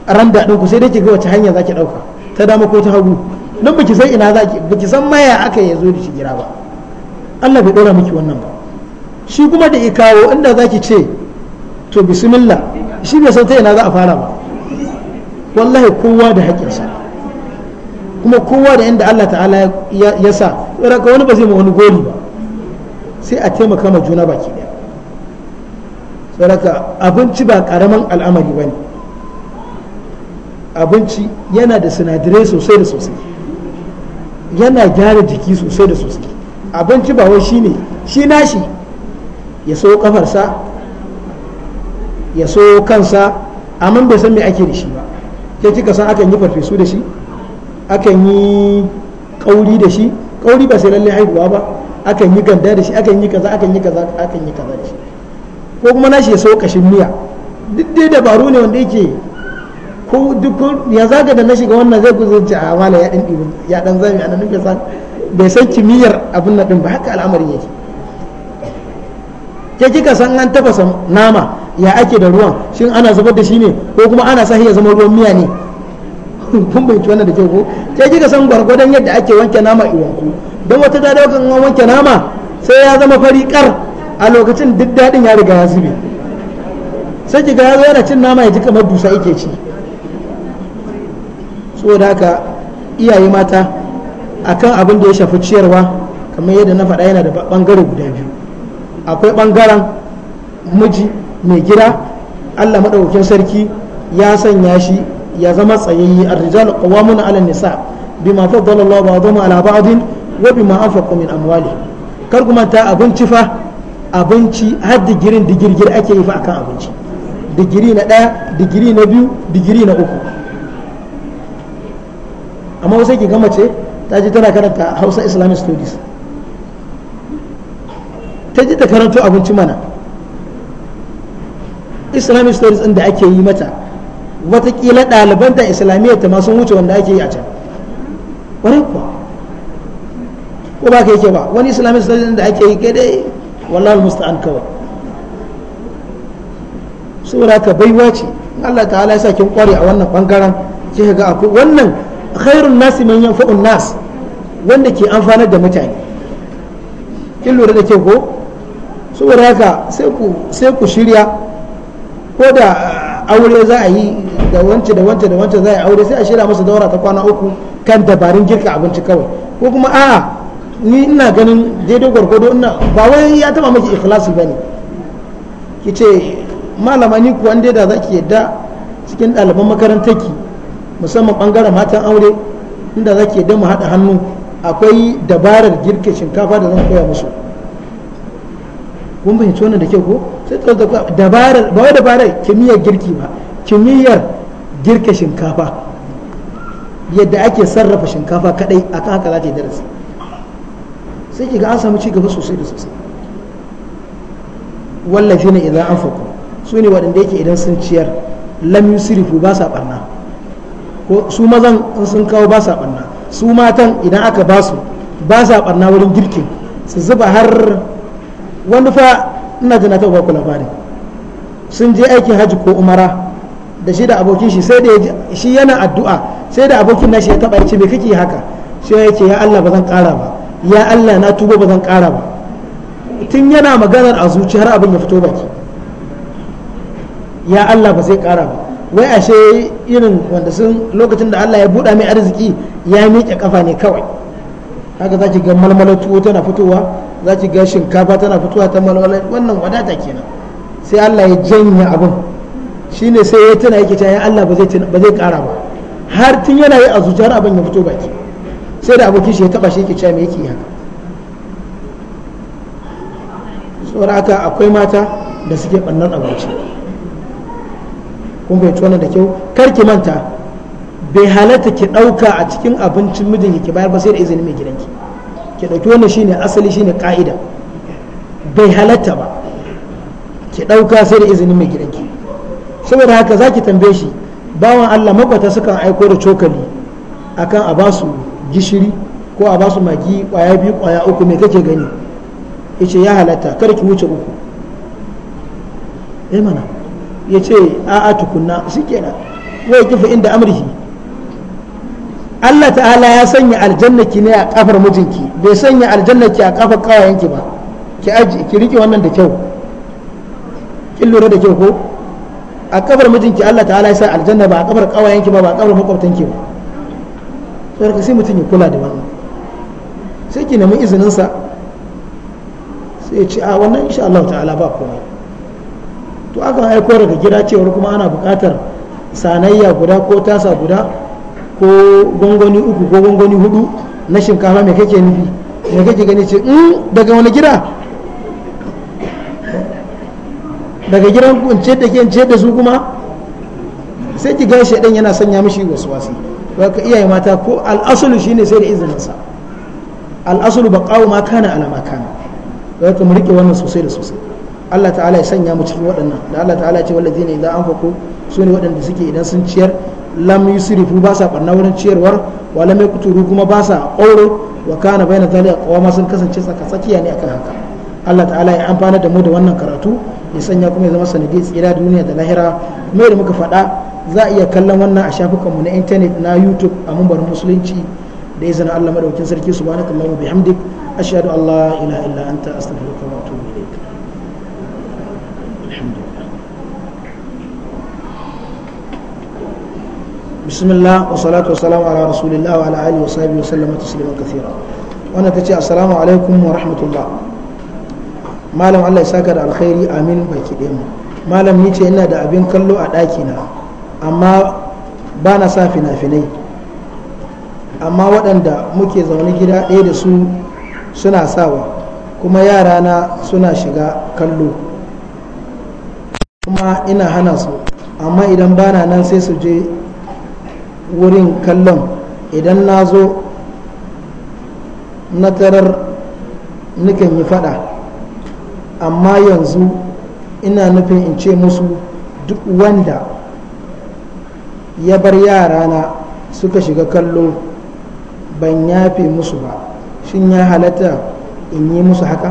randa daɗin ku sai dai ki ga wace hanya za ki ɗauka ta dama ko ta hagu don ba ki san ina zaki baki san maya aka ya zo da shi gira ba Allah bai ɗora miki wannan ba shi kuma da ikawo inda za ki ce to bismillah shi bai san ta yana za a fara ba wallahi kowa da haƙƙinsa kuma kowa da inda Allah ta'ala ya sa ka wani ba zai ma wani goli ba sai a taimaka ma juna baki ɗaya saboda abinci ba ƙaramin al'amari ba ne abinci yana da sinadarai sosai da sosai yana gyara jiki sosai da sosai abinci ba wai ne shi nashi ya so kafarsa ya so kansa amma bai san me ake da shi ba ke kika san akan yi farfesu da shi akan yi kauri da shi kauri ba sai lalle haihuwa ba akan yi ganda da shi akan yi kaza akan yi kaza akan yi kaza da shi ko kuma na shi ya so kashin miya duk dai dabaru ne wanda yake ko duk ya zaga da na shiga wannan zai guzurci ah, a wala ya dan ya dan zami anan bai san kimiyyar abin nan din ba haka al'amarin yake ke kika san an tafasa nama ya ake da ruwan shin ana zubar da shi ne ko kuma ana sahi ya zama ruwan miya ne kun bai wannan da kyau ko ke kika san gwargwadon yadda ake wanke nama iwanku don wata ta daukan wanke nama sai ya zama fari kar a lokacin duk daɗin ya riga ya zube sai kiga ya zo yana cin nama ya ji kamar dusa yake ci saboda haka iyaye mata akan abin da ya shafi ciyarwa kamar yadda na faɗa yana da bangare guda biyu akwai bangaren miji mai gida Allah maɗaukakin sarki ya sanya shi ya zama tsayayye a rijal qawwamuna 'ala nisa bima faddala Allah zama 'ala ba'din wa ma anfaqu min amwali kar kuma ta abinci fa abinci har digirin digirgir ake yi fa akan abinci digiri na ɗaya digiri na biyu digiri na uku amma wasu ke gama ce ta ji tana karanta hausa islamic studies ta ji ta karanto abinci mana islamic stories ɗin da ake yi mata watakila ɗaliban da islamiyyar ta masu wuce wanda ake yi a can wani kuwa ko ba ka yake ba wani islamic stories ɗin da ake yi kai dai wallahi musta'an kawai saboda ka baiwa ce Allah ta'ala ya sa kin kware a wannan bangaren sai ga aku wannan khairun nasi man yanfa'un nas wanda ke amfanar da mutane kin lura da ke ko saboda haka sai ku shirya ko da aure za a yi da wance da wance da wance za a yi aure sai a shirya masa daura ta kwana uku kan dabarun girka abinci kawai ko kuma a'a ni ina ganin daidai gwargwado ina ba wai ya taba miki ikhlasi ne. ki ce malama ni kuwa dai da zaki yadda cikin ɗaliban makarantar ki musamman ɓangaren matan aure inda zaki yadda mu haɗa hannu akwai dabarar girka shinkafa da zan koya musu kun fahimci wannan da kyau ko sai ta zaka dabarar ba wai dabarar kimiyyar girki ba kimiyyar girka shinkafa yadda ake sarrafa shinkafa kadai akan haka za ta yi darasi sai ki ga an samu cigaba sosai da sosai wallafi ne idan an faku su ne waɗanda yake idan sun ciyar lam yusrifu ba sa barna ko su mazan in sun kawo ba sa barna su matan idan aka ba su ba sa barna wurin girkin su zuba har wani fa ina jina ta ku fari sun je aikin hajji ko umara da shi da abokin shi sai da shi yana addu'a sai da abokin nashi ya taba ce me kake haka shi ya ce ya Allah ba zan kara ba ya Allah na tuba ba zan kara ba tun yana maganar a zuci har abin ya fito baki ya Allah ba zai kara ba wai ashe irin wanda sun lokacin da Allah ya buɗa mai arziki ya miƙe kafa ne kawai haka za ki ga malmalar tuwo tana fitowa za ki ga shinkafa tana fitowa ta malmalar wannan wadata kenan sai Allah ya janya abin shine sai ya tana yake cewa Allah ba zai kara ba har tun yana yi a zuciyar abin ya fito baki sai da abokin shi ya taba shi yake cewa me yake haka saboda haka akwai mata da suke bannan abinci kun bai tona da kyau kar ki manta bai halatta ki ɗauka a cikin abincin mijin ki bayar ba sai da izinin mai gidanki ki ɗauki wannan shine asali shine ka'ida bai halatta ba ki ɗauka sai da izinin mai gidanki saboda haka za ki tambaye shi bawan Allah makwata sukan aiko da cokali akan a basu gishiri ko a basu magi kwaya biyu kwaya uku me kake gani yace ya halatta kar ki wuce uku eh mana yace a'a tukunna shikenan wai kifa inda amrihi Allah ta'ala ya sanya aljanna ki ne a kafar mijinki bai sanya aljanna ki a kafar kawayenki ba ki aji ki rike wannan da kyau kin lura da kyau ko a kafar mijinki Allah ta'ala ya sa aljanna ba a kafar kawayenki ba ba a kafar makwabtanki ba ka sai mutum ya kula da wannan sai ki nemi izinin sa sai ya ce a wannan insha Allah ta'ala ba komai to aka aiko daga gida cewar kuma ana buƙatar sanayya guda ko tasa guda ko gongoni uku ko gongoni hudu na shinkafa mai kake nufi mai kake gani ce in mm, daga wani gida daga gidan ku in ce da ke in ce da su kuma sai ki gaishe dan yana sanya mishi wasu wasu ka iyaye mata ko al'asulu shine sai da izinin sa al'asulu baqa'u ma kana ala ma kana ka mu rike wannan sosai da sosai Allah ta'ala ya sanya mu cikin waɗannan da Allah ta'ala ya ce wallazina idza anfaqu ne waɗanda suke idan sun ciyar lam yusrifu ba sa barna wurin ciyarwar wa lam yakuturu kuma ba sa kauro wa kana bayna zalika qawama sun kasance tsaka ne akan haka Allah ta'ala ya amfana da mu da wannan karatu ya sanya kuma ya zama sanadi tsira duniya da lahira kuma da muka faɗa za a iya kallon wannan a shafukanmu na intanet na youtube a mambarin musulunci da izinin Allah madaukin sarki ta'ala bihamdik ashhadu an la ilaha illa anta astaghfiruka wa atubu ilayk بسم الله والصلاة والسلام على رسول الله وعلى آله وصحبه وسلم تسليما كثيرا وانا تتي السلام عليكم ورحمة الله ما لم الله يساكر على خير آمين باكي ديما ما لم نيتي إنا دا أبين كلو أداكينا أما بانا سافنا فيني أما ودن دا مكي زوني كده إيد سو سنا ساوا كما يارانا سنا شغا كلو كما إنا هنسو su amma idan bana nan sai su je wurin kallon idan na zo na tarar nukan yi fada amma yanzu ina nufin in ce musu duk wanda ya bar yara na suka shiga kallo ban yafe musu ba shin ya halatta in yi musu haka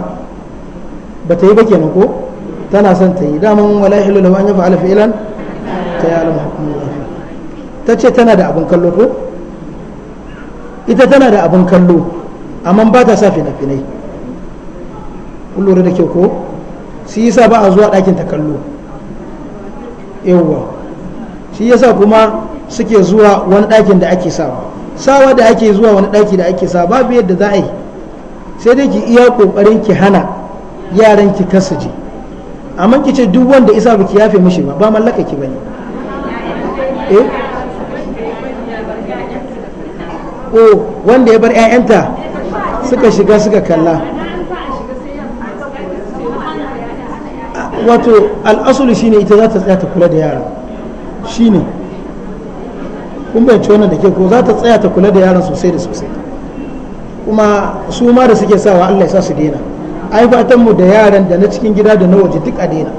ba ta yi ba kenan ko tana son ta yi daman wala hilu an yafa ala fi'lan ta yi alamu ta ce tana da abin kallo ko ita tana da abin kallo amma ba ta sa fina-finai kun lura da kyau ko shi yasa ba a zuwa ɗakin ta kallo yawwa shi yasa kuma suke zuwa wani ɗakin da ake sawa sawa da ake zuwa wani ɗaki da ake sawa babu yadda za a yi sai dai ki iya ƙoƙarin ki hana yaran ki kasa je amma ki ce duk wanda isa ba ki yafe mishi ba ba mallaka ki bane eh ko wanda ya bar 'ya'yanta suka shiga suka kalla wato al'asulu shine ita za ta tsaya ta kula da yara shine kun bai wannan da ke ko za ta tsaya ta kula da yaran sosai da sosai kuma su ma da suke sawa Allah ya sa su daina ai fatanmu da yaran da na cikin gida da na waje duk a daina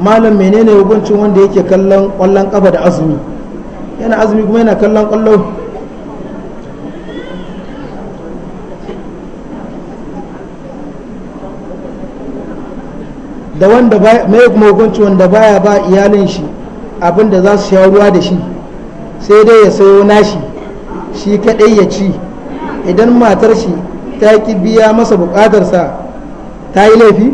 malam menene hukuncin wanda yake kallon kwallon kafa da azumi yana azumi kuma yana kallon kwallo da wanda mai kuma hukunci wanda baya ba iyalin shi abinda za su sha ruwa da shi sai dai ya sayo nashi shi kadai ya ci idan matar shi ta ki biya masa bukatarsa ta yi laifi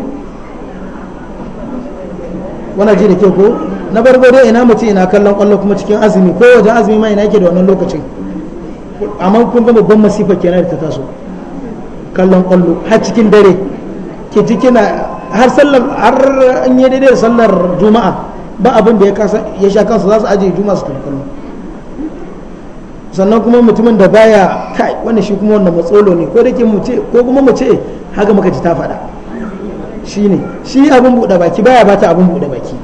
wana ji da ke ko na farko dai ina mutum ina kallon kwallo kuma cikin azumi ko wajen azumi ma ina yake da wannan lokacin amma kun ga babban masifa kenan da ta taso kallon kwallo har cikin dare ke cikin har sallar har an yi daidai da sallar juma'a ba abin da ya ya sha kansa za su ajiye juma'a su kalli kwallo sannan kuma mutumin da baya kai wannan shi kuma wannan matsolo ne ko da ke mu ce ko kuma mu ce haka muka ci ta faɗa shine shi abin buɗe baki baya bata abin buɗe baki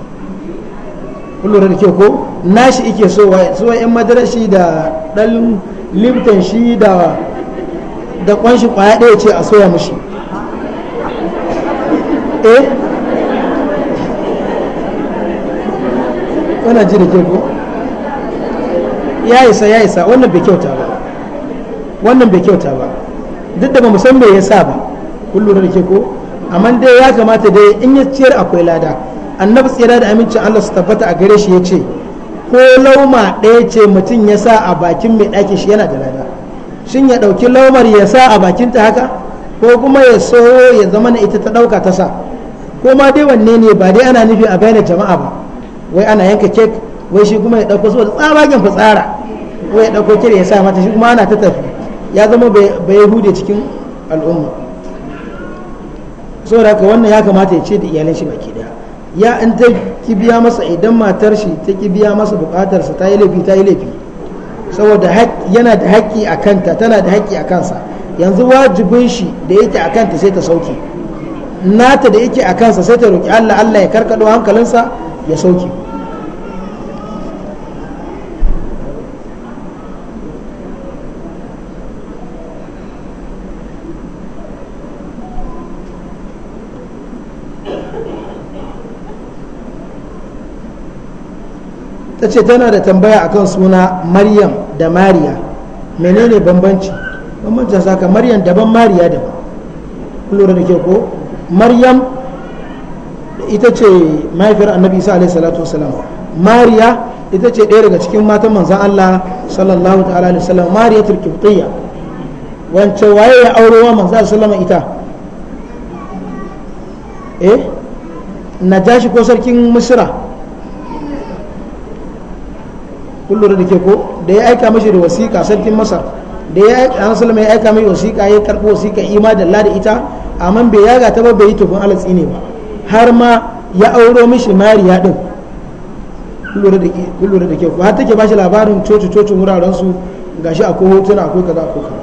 kullum da kyau ko nashi ike so wa so yan madara shi da dan limtan shi da da kwanshi kwaya ɗaya ce a soya mushi eh wannan ji da kyau ko ya isa ya isa wannan bai kyauta ba wannan bai kyauta ba duk da ba musamman ya sa yasa ba kullum da kyau ko amma dai ya kamata dai in ya ciyar akwai lada annabi tsira da amincin Allah su tabbata a gare shi ya ce ko lauma ɗaya ce mutum ya sa a bakin mai ɗaki shi yana da lada shin ya ɗauki laumar ya sa a bakin ta haka ko kuma ya so ya zama na ita ta ɗauka ta sa ko ma dai wanne ne ba dai ana nufi a bayyana jama'a ba wai ana yanka kek wai shi kuma ya ɗauko saboda tsabagen fitsara wai ya ɗauko kira ya sa mata shi kuma ana ta tafi ya zama bai hude cikin al'umma saboda haka wannan ya kamata ya ce da iyalin shi baki daya ya in ta biya masa idan matar shi ta ki biya masa bukatarsa ta yi laifi ta yi laifi saboda yana da haƙƙi a kanta tana da haƙƙi a kansa yanzu wajibin shi da yake a kanta sai ta sauke nata da yake a kansa sai ta roƙi Allah Allah ya karkaɗo hankalinsa ya sauke ta ce tana da tambaya akan suna maryam da mariya menene bambanci bambancin saka maryam daban mariya daban lura da ke ko maryam ita ce mahaifiyar annabi isa alaihi salatu wasalam mariya ita ce ɗaya daga cikin matan manzan allah sallallahu ta'ala alaihi wasallam mariya turkiyya wancan waye ya auro wa manzan sallama ita eh najashi ko sarkin misra kullum da ke ko da ya aika mashi da wasiƙa sarkin masar da ya an salama ya aika mai wasiƙa ya karɓi wasiƙa ima da da ita amma bai yaga ta ba bai yi tufin alatsi ne ba har ma ya auro mishi mariya din kullum da ke ko har take bashi labarin coci cocin wuraren su gashi akwai hotuna akwai kaza ko kaza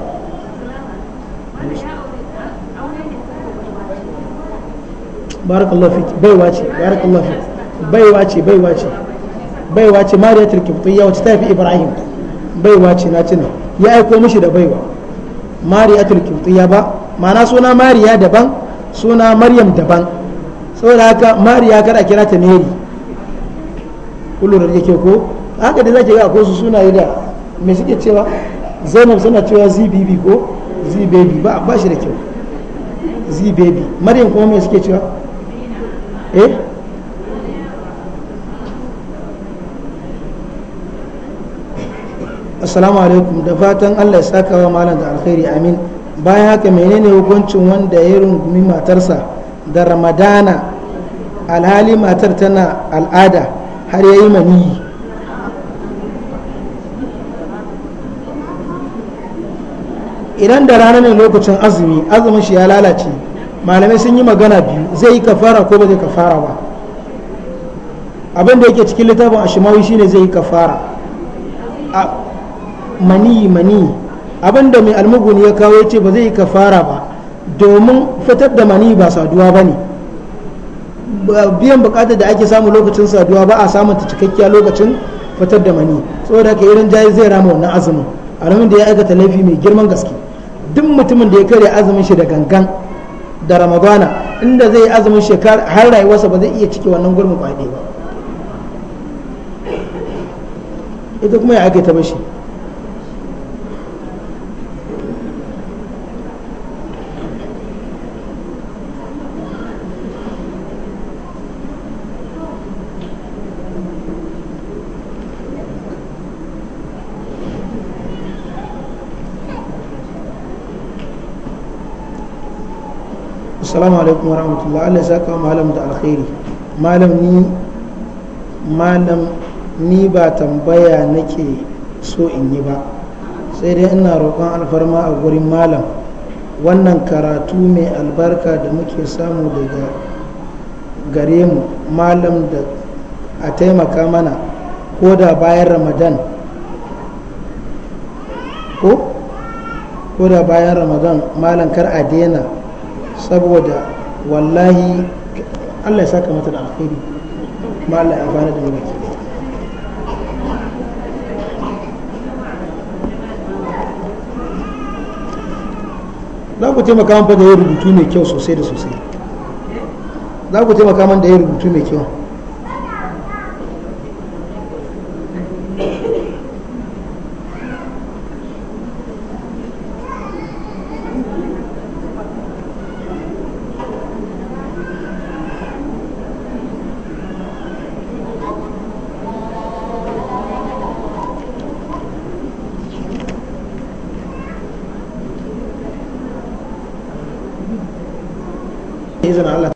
barakallahu fiki baiwa ce barakallahu fiki baiwa ce baiwa ce baiwa ce turki' qibtiyya wacce ta fi ibrahim baiwa ce na tuna ya aiko mishi da baiwa mariyatul qibtiyya ba mana suna mariya daban suna maryam daban saboda haka mariya kada kira ta mary kullum da yake ko haka da zaki ga ko su yi da me suke cewa zainab suna cewa zbb ko bebi ba ba shi da kyau zbaby maryam kuma me suke cewa eh assalamu alaikum da fatan allah ya saka wa malam da alkhairi amin bayan haka menene hukuncin wanda ya rungumi matarsa da ramadana alhali matar tana al'ada har ya yi maniyi idan da rana ne lokacin azumi azumin shi ya lalace malamai sun yi magana biyu zai yi kafara ko ba zai kafara ba abin da yake cikin littafin ashimawi shine zai yi kafara mani mani abinda mai almugun ya kawo ce ba zai yi kafara ba domin fitar da mani ba saduwa ba ne biyan bukatar da ake samu lokacin saduwa ba a samun ta cikakkiya lokacin fitar da mani saboda ka irin jayi zai rama wannan azumin alamun da ya aikata laifi mai girman gaske duk mutumin da ya karya azumin shi da gangan da ramadana inda zai azumin shekar har rayuwarsa ba zai iya cike wannan gurbin kwaɗe ba ita kuma ya ake ta bashi assalamu alaikum wa rahmatullah Allah ya malam da alkhairi malam ni malam ni ba tambaya nake so in yi ba sai dai ina roƙon alfarma a gurin malam wannan karatu mai albarka da muke samu daga gare mu malam da a taimaka mana ko da bayan ramadan ko da bayan ramadan malam kar a daina saboda wallahi Allah ya saka mata da alkhairi ma Allah ya bani da mu za ku taimaka min da yin rubutu mai kyau sosai da sosai za ku taimaka min da yin rubutu mai kyau